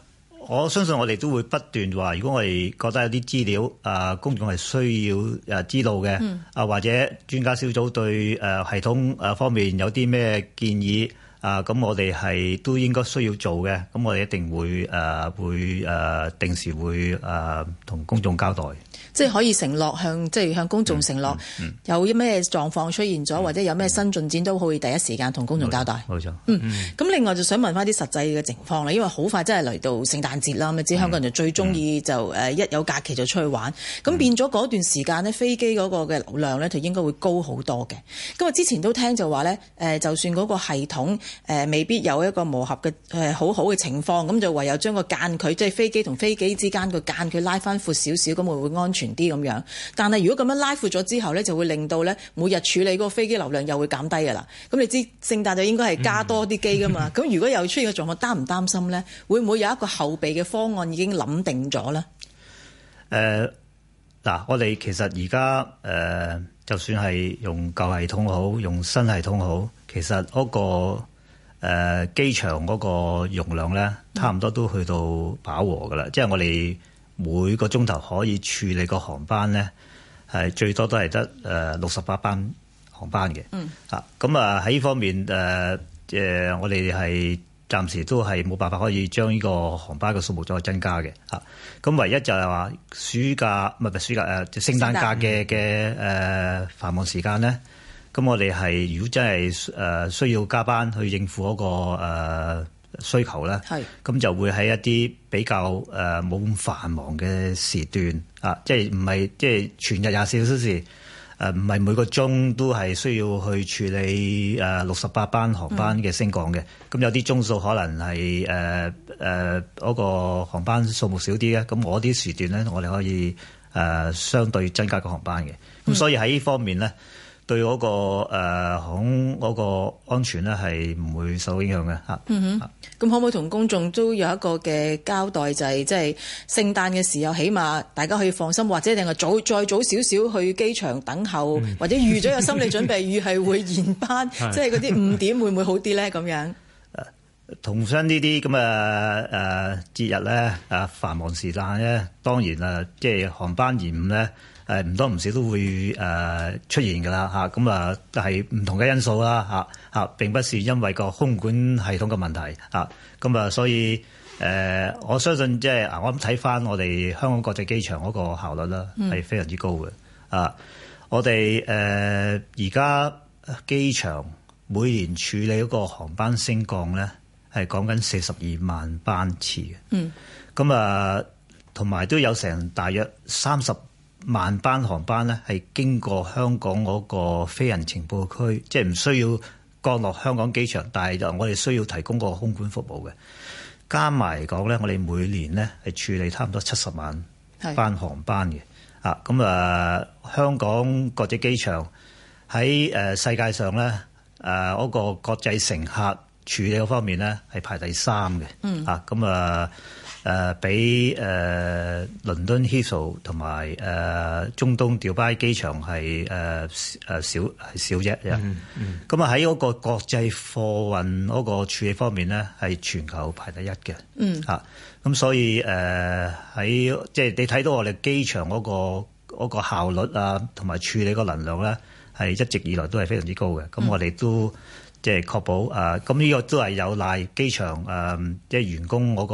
我相信我哋都會不斷話，如果我哋覺得有啲資料啊、呃，公眾係需要啊、呃、知道嘅，啊、嗯、或者專家小組對誒、呃、系統誒方面有啲咩建議？啊，咁我哋係都應該需要做嘅，咁我哋一定會誒、呃、會誒、呃、定時會誒同、呃、公眾交代。即係可以承諾向即係向公眾承諾，嗯嗯、有啲咩狀況出現咗、嗯，或者有咩新進展、嗯、都可以第一時間同公眾交代。冇錯，嗯，咁、嗯、另外就想問翻啲實際嘅情況啦，因為好快真係嚟到聖誕節啦，咪知香港人就最中意就一有假期就出去玩，咁、嗯、變咗嗰段時間呢、嗯，飛機嗰個嘅流量呢，就應該會高好多嘅。咁啊之前都聽就話呢，就算嗰個系統未必有一個磨合嘅好好嘅情況，咁就唯有將個間距即係、就是、飛機同飛機之間個間距拉翻闊少少，咁會會安全。啲咁樣，但係如果咁樣拉闊咗之後呢，就會令到呢每日處理嗰個飛機流量又會減低噶啦咁你知聖誕就應該係加多啲機噶嘛咁、嗯、 如果又出現個狀況，擔唔擔心呢？會唔會有一個後備嘅方案已經諗定咗呢？誒，嗱，我哋其實而家誒，就算係用舊系統好，用新系統好，其實嗰、嗰個誒機、呃、場嗰個容量呢，差唔多都去到飽和噶啦、嗯。即係我哋。每個鐘頭可以處理個航班咧，係最多都係得誒六十八班航班嘅。嗯。啊，咁啊喺呢方面誒誒、呃，我哋係暫時都係冇辦法可以將呢個航班嘅數目再增加嘅。啊，咁唯一就係話暑假唔係唔係暑假誒、啊，就係、聖誕假嘅嘅誒繁忙時間咧，咁我哋係如果真係誒需要加班去應付嗰、嗰個、呃需求啦，咁就會喺一啲比較誒冇咁繁忙嘅時段啊，即係唔係即係全日廿四小時，誒唔係每個鐘都係需要去處理誒六十八班航班嘅升降嘅。咁、嗯、有啲鐘數可能係誒誒嗰個航班數目少啲咧，咁我啲時段咧，我哋可以誒、呃、相對增加個航班嘅。咁所以喺呢方面咧。對嗰、那個誒航空嗰安全呢係唔會受影響嘅嚇。咁、嗯、可唔可以同公眾都有一個嘅交代，就係即係聖誕嘅時候，起碼大家可以放心，或者定係早再早少少去機場等候，嗯、或者預咗有心理準備， 預係會延班，即係嗰啲誤點會唔會好啲咧？咁樣。同身呢啲咁嘅誒節日咧啊繁忙時間咧，當然啦即係航班延誤咧。誒唔多唔少都會誒出現㗎啦嚇，咁啊係唔同嘅因素啦嚇嚇，並不是因為個空管系統嘅問題啊。咁啊，所以誒，我相信即係我諗睇翻我哋香港國際機場嗰個效率啦，係非常之高嘅啊、嗯。我哋誒而家機場每年處理嗰個航班升降咧，係講緊四十二萬班次嘅。嗯，咁啊，同埋都有成大約三十。萬班航班咧，係經過香港嗰個飛行情報區，即係唔需要降落香港機場，但係我哋需要提供個空管服務嘅。加埋嚟講呢，我哋每年咧係處理差唔多七十萬班航班嘅。啊，咁、嗯、啊，香港國際機場喺誒、啊、世界上呢，誒、啊、嗰、那個國際乘客。處理嗰方面咧係排第三嘅、嗯，啊咁啊誒比誒、呃、倫敦希斯路同埋誒中東迪拜機場係誒誒少係少啫，咁啊喺嗰個國際貨運嗰個處理方面咧係全球排第一嘅、嗯，啊咁所以誒喺即係你睇到我哋機場嗰、嗰個嗰個效率啊同埋處理個能量咧係一直以來都係非常之高嘅，咁我哋都，嗯即、就、係、是、確保，誒，咁呢個都係有賴機場誒、即係、啊就是、員工嗰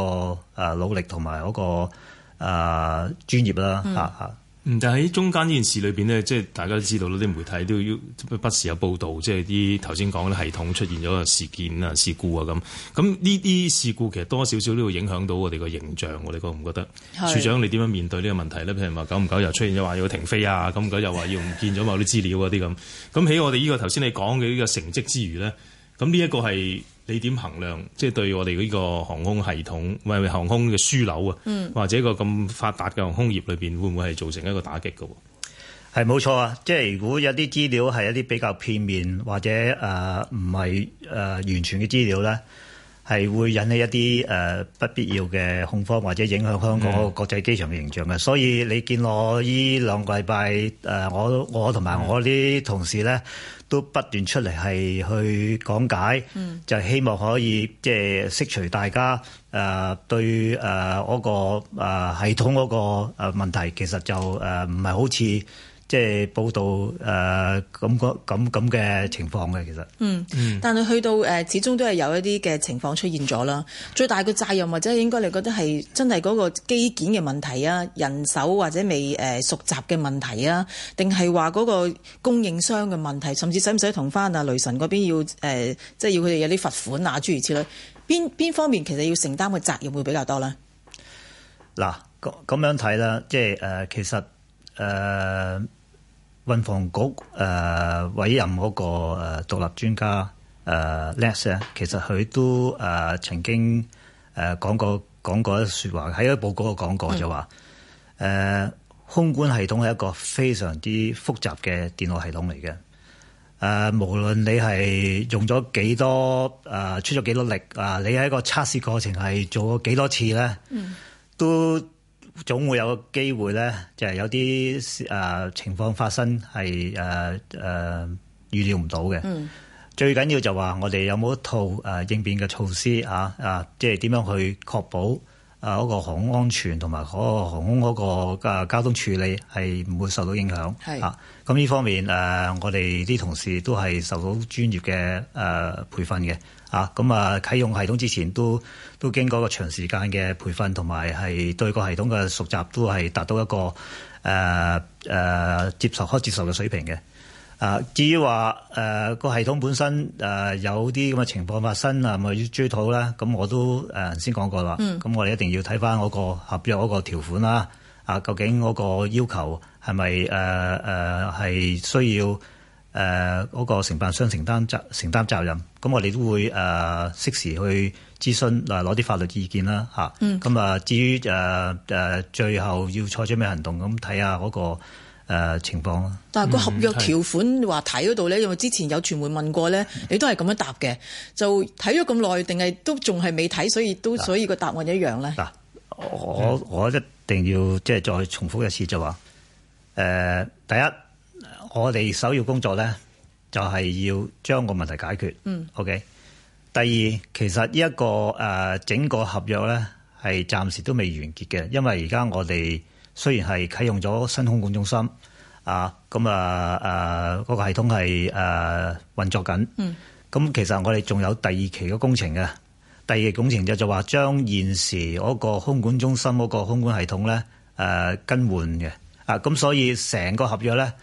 個努力同埋嗰個、啊、專業啦嚇嚇、啊嗯嗯，但喺中間呢件事裏面呢，即係大家都知道啦，啲媒體都要不時有報導，即係啲頭先講嗰啲系統出現咗個事件啊、事故啊咁。咁呢啲事故其實多少少都會影響到我哋個形象，我哋覺唔覺得？處長你點樣面對呢個問題呢？譬如話，久唔久又出現咗話要停飛啊，久唔久又話要唔見咗某啲資料嗰啲咁。咁 喺我哋呢個頭先你講嘅呢個成績之餘呢，咁呢一個係。你點衡量？即係對我哋呢個航空系統，唔係航空嘅樞紐啊？或者個咁發達嘅航空業裏邊，會唔會係造成一個打擊嘅？係冇錯啊！即係如果有啲資料係一啲比較片面，或者誒唔係誒完全嘅資料咧，係會引起一啲誒、呃、不必要嘅恐慌，或者影響香港個國際機場嘅形象嘅、嗯。所以你見我依兩個禮拜誒，我我同埋我啲同事咧。都不斷出嚟係去講解、嗯，就係希望可以即係釋除大家誒、呃、對誒嗰、呃那個、呃、系統嗰個誒問題，其實就誒唔係好似。呃即係報道誒，咁咁咁嘅情況嘅，其實嗯嗯，但係去到誒、呃，始終都係有一啲嘅情況出現咗啦。最大嘅責任或者應該你覺得係真係嗰個基建嘅問題啊，人手或者未誒、呃、熟習嘅問題啊，定係話嗰個供應商嘅問題，甚至使唔使同翻啊雷神嗰邊要誒、呃，即係要佢哋有啲罰款啊，諸如此類。邊邊方面其實要承擔嘅責任會比較多呢？嗱，咁咁樣睇啦，即係誒、呃，其實誒。呃運防局誒委任嗰個誒獨立專家 les s 其實佢都誒曾經誒講過講過一說話，喺一報告度講過就話誒空管系統係一個非常之複雜嘅電腦系統嚟嘅。誒無論你係用咗幾多誒出咗幾多力啊，你喺個測試過程係做過幾多次咧、嗯，都。總會有個機會咧，就係、是、有啲啊、呃、情況發生係誒誒預料唔到嘅、嗯。最緊要就話我哋有冇一套誒應變嘅措施啊啊，即係點樣去確保啊嗰、那個航空安全同埋嗰個航空嗰個誒交通處理係唔會受到影響。係啊，咁呢方面誒、啊，我哋啲同事都係受到專業嘅誒、啊、培訓嘅。啊，咁啊，啟用系統之前都都經過一個長時間嘅培訓，同埋係對個系統嘅熟習都係達到一個誒誒、呃呃、接受可接受嘅水平嘅。啊，至於話誒個系統本身誒、呃、有啲咁嘅情況發生啊，咪要追討咧？咁我都誒、呃、先講過啦。咁、嗯、我哋一定要睇翻嗰個合約嗰個條款啦。啊，究竟嗰個要求係咪誒誒係需要？誒、呃、嗰、那個承辦商承擔，承擔責承擔責任，咁我哋都會誒、呃、適時去諮詢，攞啲法律意見啦嚇。咁啊、嗯嗯，至於誒誒、呃呃、最後要採取咩行動，咁睇下嗰個、呃、情況。但係個合約條款話睇嗰度咧，因為之前有傳媒問過咧、嗯，你都係咁樣答嘅，就睇咗咁耐，定係都仲係未睇，所以都、啊、所以個答案一樣咧。嗱、啊，我、嗯、我一定要即係再重複一次就話誒、呃、第一。我哋首要工作呢，就係、是、要將個問題解決。嗯，OK。第二，其實呢一個誒整個合約呢，係暫時都未完結嘅，因為而家我哋雖然係啟用咗新空管中心啊，咁啊誒嗰、啊那個系統係誒、啊、運作緊。嗯，咁其實我哋仲有第二期嘅工程嘅，第二期工程就就話將現時嗰個空管中心嗰個空管系統呢，誒、啊、更換嘅啊，咁所以成個合約呢。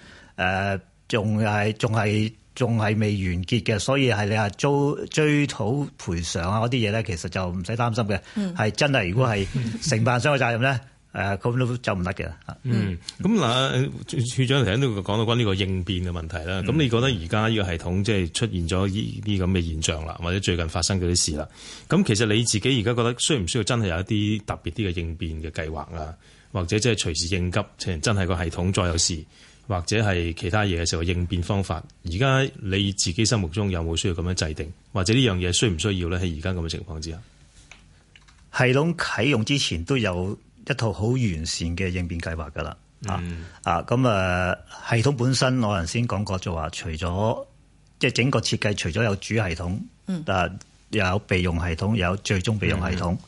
誒、呃，仲係仲係仲係未完結嘅，所以係你話追追討賠償啊嗰啲嘢咧，其實就唔使擔心嘅。係、嗯、真係，如果係承辦商嘅責任咧，誒咁就唔得嘅。嗯、咁、呃、嗱，處、嗯、長頭先都講到關呢個應變嘅問題啦。咁、嗯、你覺得而家呢個系統即係出現咗呢啲咁嘅現象啦，或者最近發生嗰啲事啦，咁其實你自己而家覺得需唔需要真係有一啲特別啲嘅應變嘅計劃啊，或者即係隨時應急，即係真係個系統再有事？或者係其他嘢嘅時候應變方法，而家你自己心目中有冇需要咁樣制定？或者呢樣嘢需唔需要咧？喺而家咁嘅情況之下，系統啟用之前都有一套好完善嘅應變計劃噶啦、嗯。啊啊咁啊，系統本身我頭先講過就話，除咗即係整個設計，除咗有主系統，嗯、啊又有備用系統，有最終備用系統。誒、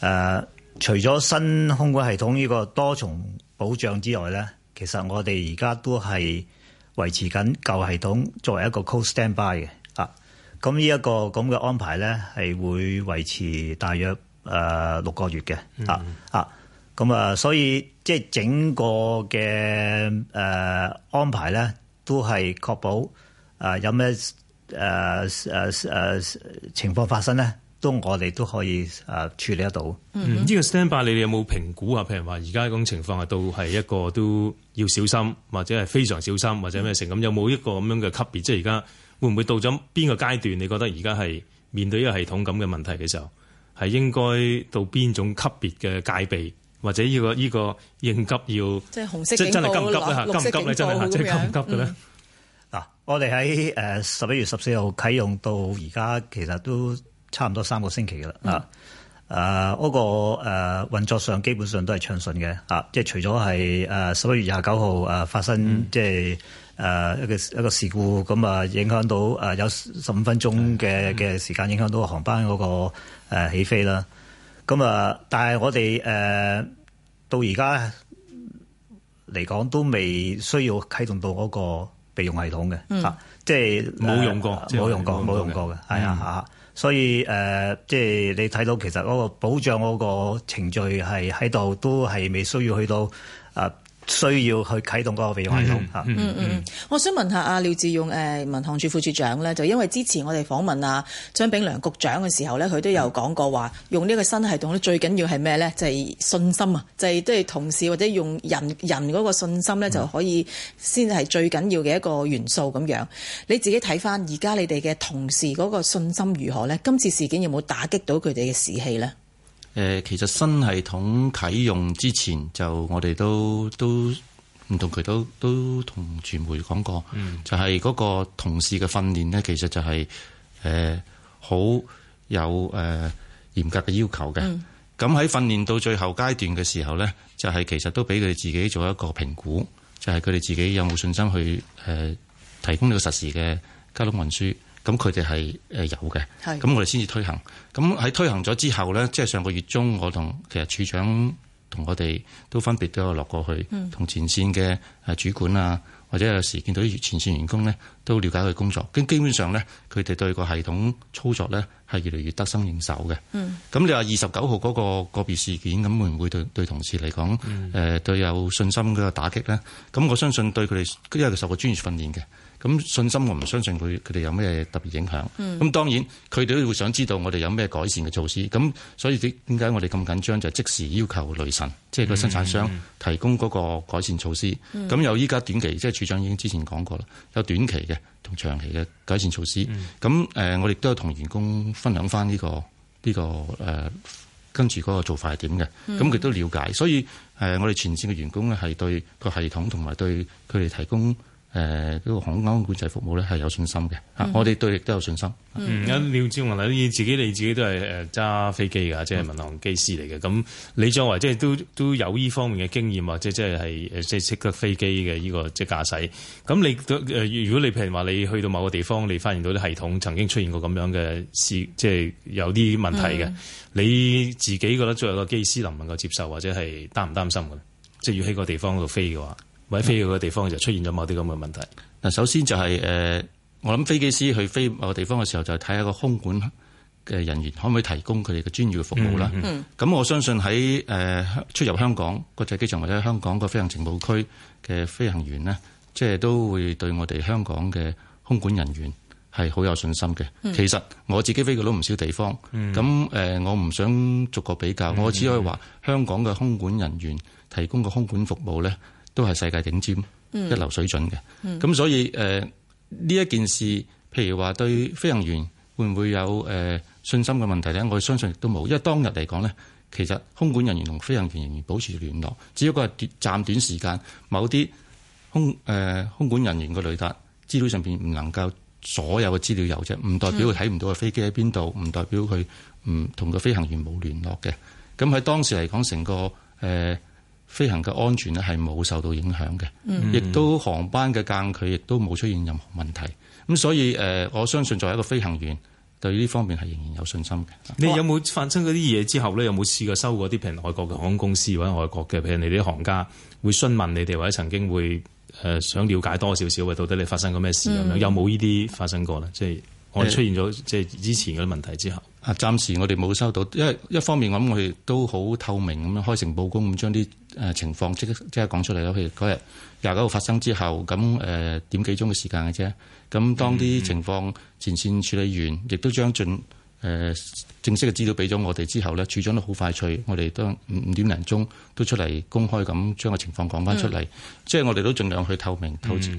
嗯啊，除咗新空管系統呢個多重保障之外咧，其實我哋而家都係維持緊舊系統作為一個 cold standby 嘅啊，咁呢一個咁嘅安排咧，係會維持大約誒六個月嘅啊啊，咁、嗯、啊，啊，所以即係、就是、整個嘅誒、呃、安排咧，都係確保誒、呃、有咩誒誒誒情況發生咧，都我哋都可以誒、呃、處理得到。嗯，嗯，呢、嗯、個 standby 你哋有冇評估啊？譬如話而家咁情況係到係一個都。要小心，或者係非常小心，或者咩成咁？有冇一個咁樣嘅級別？即係而家會唔會到咗邊個階段？你覺得而家係面對呢個系統咁嘅問題嘅時候，係應該到邊種級別嘅戒備，或者呢、呢個依、呢個應急要即係紅色警告啦急唔急，綠色警告咁樣。嗱、嗯，我哋喺誒十一月十四號啟用到而家，其實都差唔多三個星期嘅啦。嗯啊、呃，嗰個、那個誒、呃、運作上基本上都係暢順嘅，啊，即係除咗係誒十一月廿九號誒發生即係誒、呃、一個一個事故，咁啊影響到誒、呃、有十五分鐘嘅嘅時間影響到航班嗰個、那個、啊、起飛啦。咁啊，但係我哋誒、呃、到而家嚟講都未需要啟動到嗰個備用系統嘅，啊嗯即係冇用過，冇用過，冇用過嘅，係啊，所以誒、呃，即係你睇到其實嗰個保障嗰個程序係喺度，都係未需要去到誒。呃需要去啟動嗰個備用系統吓，嗯、嗯，嗯，我想問下阿廖志勇誒，民航處副處長咧，就因為之前我哋訪問啊張炳良局長嘅時候咧，佢都有講過話，嗯，用呢個新系統咧，最緊要係咩咧？就係，是，信心啊！就係都係同事或者用人人嗰個信心咧，就可以先係、嗯、最緊要嘅一個元素咁樣。你自己睇翻而家你哋嘅同事嗰個信心如何咧？今次事件有冇打擊到佢哋嘅士氣咧？誒其實新系統啟用之前，就我哋都都唔同佢都都同傳媒講過，嗯，就係、是、嗰個同事嘅訓練，咧，其實就係誒好有誒嚴、呃、格嘅要求嘅。咁、嗯、喺訓練到最後階段嘅時候咧，就係、是、其實都俾佢哋自己做一個評估，就係佢哋自己有冇信心去誒、呃、提供呢個實時嘅交通運輸。咁佢哋係有嘅，咁我哋先至推行。咁喺推行咗之後咧，即係上個月中，我同其實處長同我哋都分別都有落過去，同、嗯、前線嘅主管啊，或者有時見到啲前線員工咧，都了解佢工作。咁基本上咧，佢哋對個系統操作咧係越嚟越得心應手嘅。咁、嗯、你話二十九號嗰個個別事件，咁會唔會對，對同事嚟講誒對有信心嘅個打擊咧？咁我相信對佢哋，因為佢受過專業訓練嘅。咁信心我唔相信佢佢哋有咩特別影響，咁、嗯、當然佢哋都會想知道我哋有咩改善嘅措施。咁所以點解我哋咁緊張就是、即時要求雷神，即係個生產商提供嗰個改善措施。咁、嗯嗯、有依家短期，即、就、係、是、處長已經之前講過啦，有短期嘅同長期嘅改善措施。咁、嗯、誒，我哋都有同員工分享翻、這、呢個呢、這個誒、呃、跟住嗰個做法係點嘅。咁佢都了解，所以誒，我哋前線嘅員工咧係對個系統同埋對佢哋提供。誒，呢個航空管制服務咧係有信心嘅嚇，我哋對亦都有信心。嗯，廖志勇，你自己你自己都係誒揸飛機㗎，即係民航機師嚟嘅。咁你作為，即係都都有呢方面嘅經驗，或者即係係即係識得飛機嘅呢個即係駕駛。咁你誒，如果你譬如話你去到某個地方，你發現到啲系統曾經出現過咁樣嘅事，即係有啲問題嘅，嗯，你自己覺得作為個機師能唔能夠接受，或者係擔唔擔心嘅？即係要喺個地方度飛嘅話？者飛去嘅地方就出現咗某啲咁嘅問題。嗱，首先就係誒，我諗飛機師去飛某個地方嘅時候，就睇下個空管嘅人員可唔可以提供佢哋嘅專業服務啦。咁 mm -hmm. 我相信喺誒出入香港國際機場或者香港個飛行情報區嘅飛行員呢，即係都會對我哋香港嘅空管人員係好有信心嘅。Mm -hmm. 其實我自己飛過到唔少地方，咁誒，我唔想逐個比較，我只可以話香港嘅空管人員提供嘅空管服務呢，都係世界頂尖、嗯、一流水準嘅。咁、嗯、所以誒，呢、呃、一件事，譬如話對飛行員會唔會有誒、呃、信心嘅問題咧？我相信亦都冇，因為當日嚟講咧，其實空管人員同飛行員仍然保持聯絡，只不過係短暫短時間，某啲空誒、呃、空管人員嘅雷達資料上邊唔能夠所有嘅資料有啫，唔代表佢睇唔到個飛機喺邊度，唔、嗯、代表佢唔同個飛行員冇聯絡嘅。咁喺當時嚟講，成個誒、呃飛行嘅安全咧係冇受到影響嘅，亦、嗯、都航班嘅間距亦都冇出現任何問題。咁所以誒我相信作為一個飛行員對呢方面係仍然有信心嘅。你有冇發生嗰啲嘢之後咧？有冇試過收過啲譬如外國嘅航空公司或者外國嘅譬如你啲行家會詢問你哋，或者曾經會誒想了解多少少？嘅到底你發生過咩事咁樣、嗯？有冇呢啲發生過咧、欸？即係我哋出現咗即係之前啲問題之後。啊！暫時我哋冇收到，因為一方面我諗我哋都好透明咁樣開誠佈公咁將啲情況即刻即刻講出嚟咯。譬如嗰日廿九號發生之後，咁、呃、誒點幾鐘嘅時間嘅啫。咁當啲情況前線處理完，嗯、亦都將盡誒、呃、正式嘅資料俾咗我哋之後咧，處長都好快脆，我哋都五點點零鐘都出嚟公開咁將個情況講翻出嚟。即係我哋都盡量去透明透徹，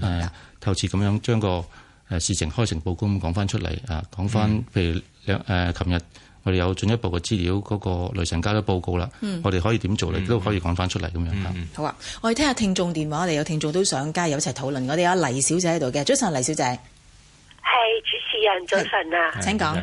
透徹咁、嗯呃、樣將個。誒事情開誠佈公講翻出嚟啊，講翻譬如兩誒，琴、嗯、日我哋有進一步嘅資料，嗰、那個雷神家都報告啦、嗯。我哋可以點做你都可以講翻出嚟咁樣好啊，我哋聽下聽，聽眾電話，我哋有聽眾都想加入一齊討論，我哋有黎小姐喺度嘅，早晨黎小姐。係、hey, 主持人早晨啊。請講。係、yeah. 咁、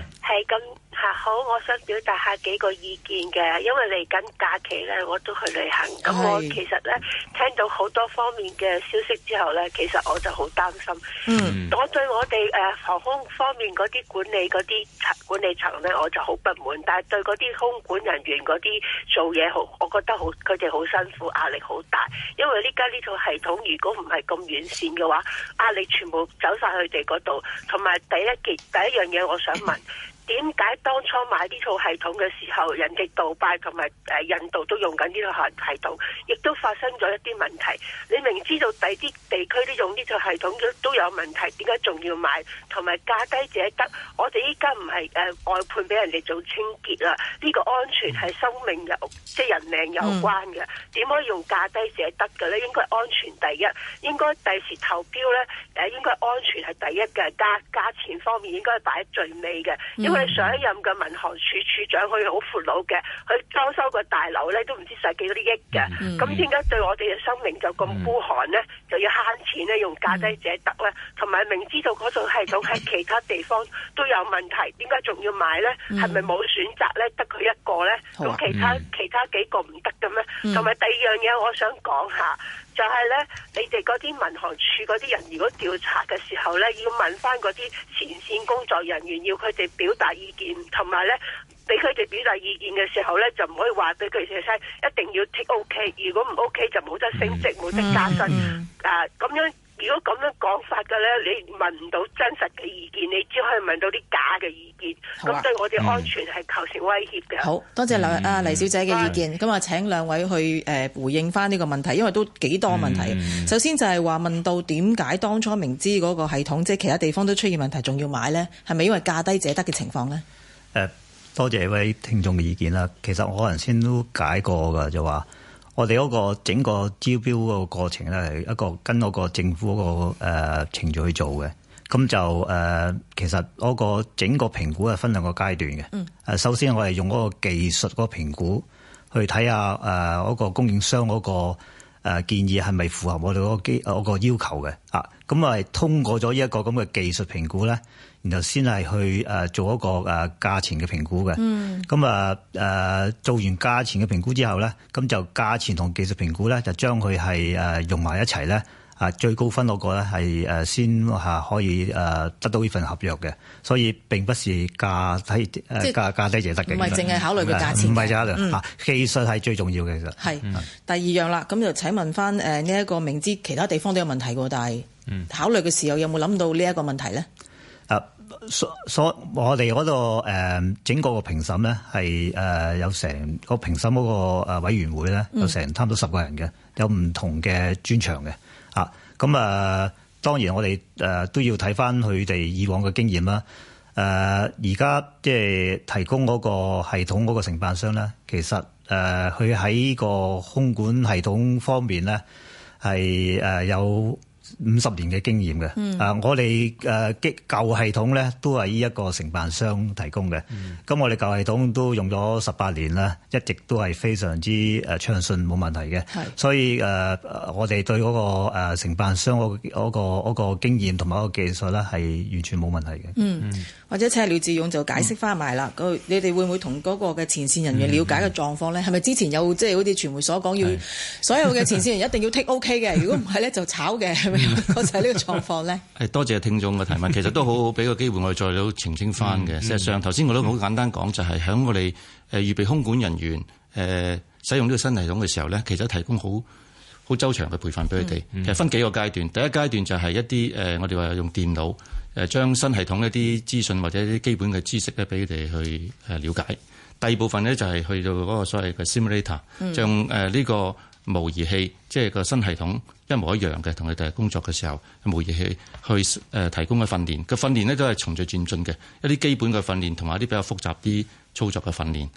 hey,。吓好，我想表達下幾個意見嘅，因為嚟緊假期咧，我都去旅行。咁我其實咧聽到好多方面嘅消息之後咧，其實我就好擔心。嗯，我對我哋誒航空方面嗰啲管理、嗰啲管理層咧，我就好不滿。但係對嗰啲空管人員嗰啲做嘢好，我覺得好，佢哋好辛苦，壓力好大。因為呢家呢套系統如果唔係咁完善嘅話，壓力全部走晒佢哋嗰度。同埋第，第一件第一樣嘢，我想問。 點解當初買呢套系統嘅時候，人哋杜拜同埋誒印度都用緊呢套系統，亦都發生咗一啲問題。你明知道第啲地區都用呢套系統都有問題，點解仲要買？同埋價低者得。我哋依家唔係誒外判俾人哋做清潔啦，呢個安全係生命有即係人命有關嘅，點可以用價低者得嘅咧？應該安全第一，應該第時投標咧誒，應該安全係第一嘅，價價錢方面應該係擺喺最尾嘅。佢上一任嘅民航處處長他，佢好闊老嘅，佢裝修個大樓咧，都唔知使幾多億嘅。咁點解對我哋嘅生命就咁孤寒咧、嗯？就要慳錢咧，用價低者得咧？同、嗯、埋明知道嗰種系統喺其他地方都有問題，點解仲要買咧？係咪冇選擇咧？得佢一個咧？咁其他、嗯、其他幾個唔得嘅咩？同、嗯、埋第二樣嘢，我想講下。就係、是、咧，你哋嗰啲民航處嗰啲人，如果調查嘅時候咧，要問翻嗰啲前線工作人員，要佢哋表達意見，同埋咧，俾佢哋表達意見嘅時候咧，就唔可以話俾佢哋聽，一定要 tick O K，如果唔 O K 就冇得升職，冇得加薪，咁、mm -hmm. 啊如果咁樣講法嘅咧，你問唔到真實嘅意見，你只可以問到啲假嘅意見，咁對我哋安全係構成威脅嘅、嗯。好，多謝黎啊黎小姐嘅意見。咁、嗯、啊，嗯、我請兩位去誒回應翻呢個問題，因為都幾多問題。嗯、首先就係話問到點解當初明知嗰個系統，即、嗯、係其他地方都出現問題，仲要買呢？係咪因為價低者得嘅情況呢？誒，多謝呢位聽眾嘅意見啦。其實我可能先都解過噶，就話。我哋嗰個整個招標個過程咧係一個跟嗰個政府嗰個誒程序去做嘅，咁就誒其實嗰個整個評估係分兩個階段嘅。嗯，誒，首先我係用嗰個技術嗰個評估去睇下誒嗰個供應商嗰個。誒建議係咪符合我哋個機個要求嘅啊？咁啊，通過咗依一個咁嘅技術評估咧，然後先係去誒做一個誒價錢嘅評估嘅。嗯。咁啊誒做完價錢嘅評估之後咧，咁就價錢同技術評估咧，就將佢係誒融埋一齊咧。啊，最高分嗰個咧係誒先嚇可以誒得到呢份合約嘅，所以並不是價低誒價價低就得嘅，唔係淨係考慮個價錢，唔係就係技術係最重要嘅，其實係第二樣啦。咁就請問翻誒呢一個明知其他地方都有問題喎，但係考慮嘅時候有冇諗到呢一個問題咧？誒、嗯啊、所所我哋嗰度誒整個個評審咧係誒有成個評審嗰個委員會咧有成、嗯、差唔多十個人嘅，有唔同嘅專長嘅。嗯咁啊，當然我哋誒都要睇返佢哋以往嘅經驗啦。誒而家即係提供嗰個系統嗰個承辦商咧，其實誒佢喺個空管系統方面咧係誒有五十年嘅經驗嘅、嗯，啊，我哋誒舊系統咧都係依一個承辦商提供嘅，咁、嗯、我哋舊系統都用咗十八年啦，一直都係非常之誒暢順冇問題嘅，所以誒、呃、我哋對嗰、那個、呃、承辦商嗰、那個、那個嗰、那個、經驗同埋個技術咧係完全冇問題嘅、嗯。嗯，或者請廖志勇就解釋翻埋啦，你哋會唔會同嗰個嘅前線人員了解嘅狀況咧？係、嗯、咪之前有即係、就是、好似傳媒所講要所有嘅前線人員一定要 take OK 嘅？如果唔係咧就炒嘅係咪？ 就係呢個狀況咧，係多謝聽眾嘅提問。其實都好好俾個機會我哋再都澄清翻嘅。事、 嗯嗯、實上，頭先我都好簡單講、嗯，就係、是、喺我哋誒預備空管人員誒、呃、使用呢個新系統嘅時候咧，其實提供好好周詳嘅培訓俾佢哋。其實分幾個階段，第一階段就係一啲誒我哋話用電腦誒將新系統一啲資訊或者一啲基本嘅知識咧，俾佢哋去誒了解。第二部分咧就係去到嗰個所謂嘅 simulator，將誒呢個，嗯模擬器即係個新系統一模一樣嘅，同佢哋工作嘅時候，模擬器去誒提供嘅訓練，個訓練呢，都係循序漸進嘅一啲基本嘅訓練，同埋一啲比較複雜啲操作嘅訓練。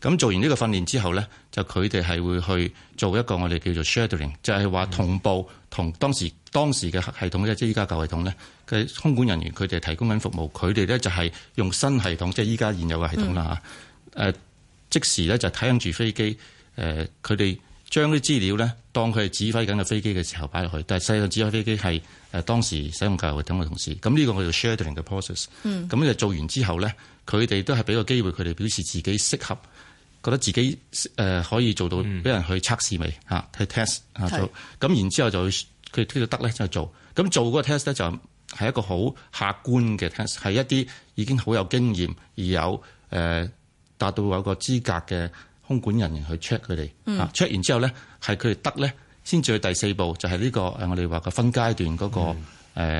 咁做完呢個訓練之後呢，就佢哋係會去做一個我哋叫做 shadowing，就係話同步同當時當時嘅系統咧，即係依家舊系統呢。嘅空管人員佢哋提供緊服務，佢哋呢就係用新系統，即係依家現有嘅系統啦嚇。誒、嗯，即時呢，就睇緊住飛機，誒佢哋。將啲資料咧，當佢係指揮緊嘅飛機嘅時候擺落去，但係細個指揮飛機係誒當時使用教育等嘅同事，咁呢個叫做 shadowing 嘅 process。嗯。咁就做完之後咧，佢哋都係俾個機會佢哋表示自己適合，覺得自己、呃、可以做到，俾人去測試未嚇、嗯？去 test 做。咁然之後就佢推到得咧就做，咁做嗰個 test 咧就係一個好客觀嘅 test，係一啲已經好有經驗而有誒達、呃、到有個個資格嘅。空管人員去 check 佢哋，check 完之後咧，係佢哋得咧，先至去第四步，就係、是、呢、這個誒我哋話嘅分階段嗰、那個誒、嗯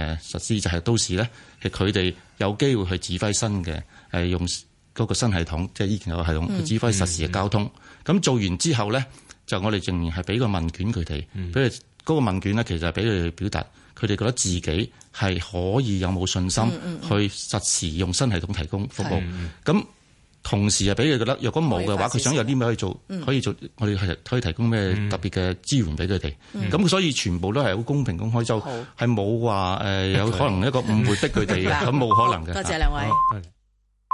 呃、實施、就是，就係到時咧，係佢哋有機會去指揮新嘅，係用嗰個新系統，即係以前有個系統去指揮實時嘅交通。咁、嗯嗯、做完之後咧，就我哋仍然係俾個問卷佢哋，俾、嗯、嗰、那個問卷咧，其實係俾佢哋去表達佢哋覺得自己係可以有冇信心去實時用新系統提供服務，咁、嗯。嗯嗯同時啊，俾佢覺得，若果冇嘅話，佢想有啲咩可以做，可以做，我哋可，可以提供咩特別嘅資源俾佢哋。咁、嗯嗯、所以全部都係好公平公開，就係冇話誒有可能一個誤會逼佢哋咁冇可能嘅。 多謝兩位。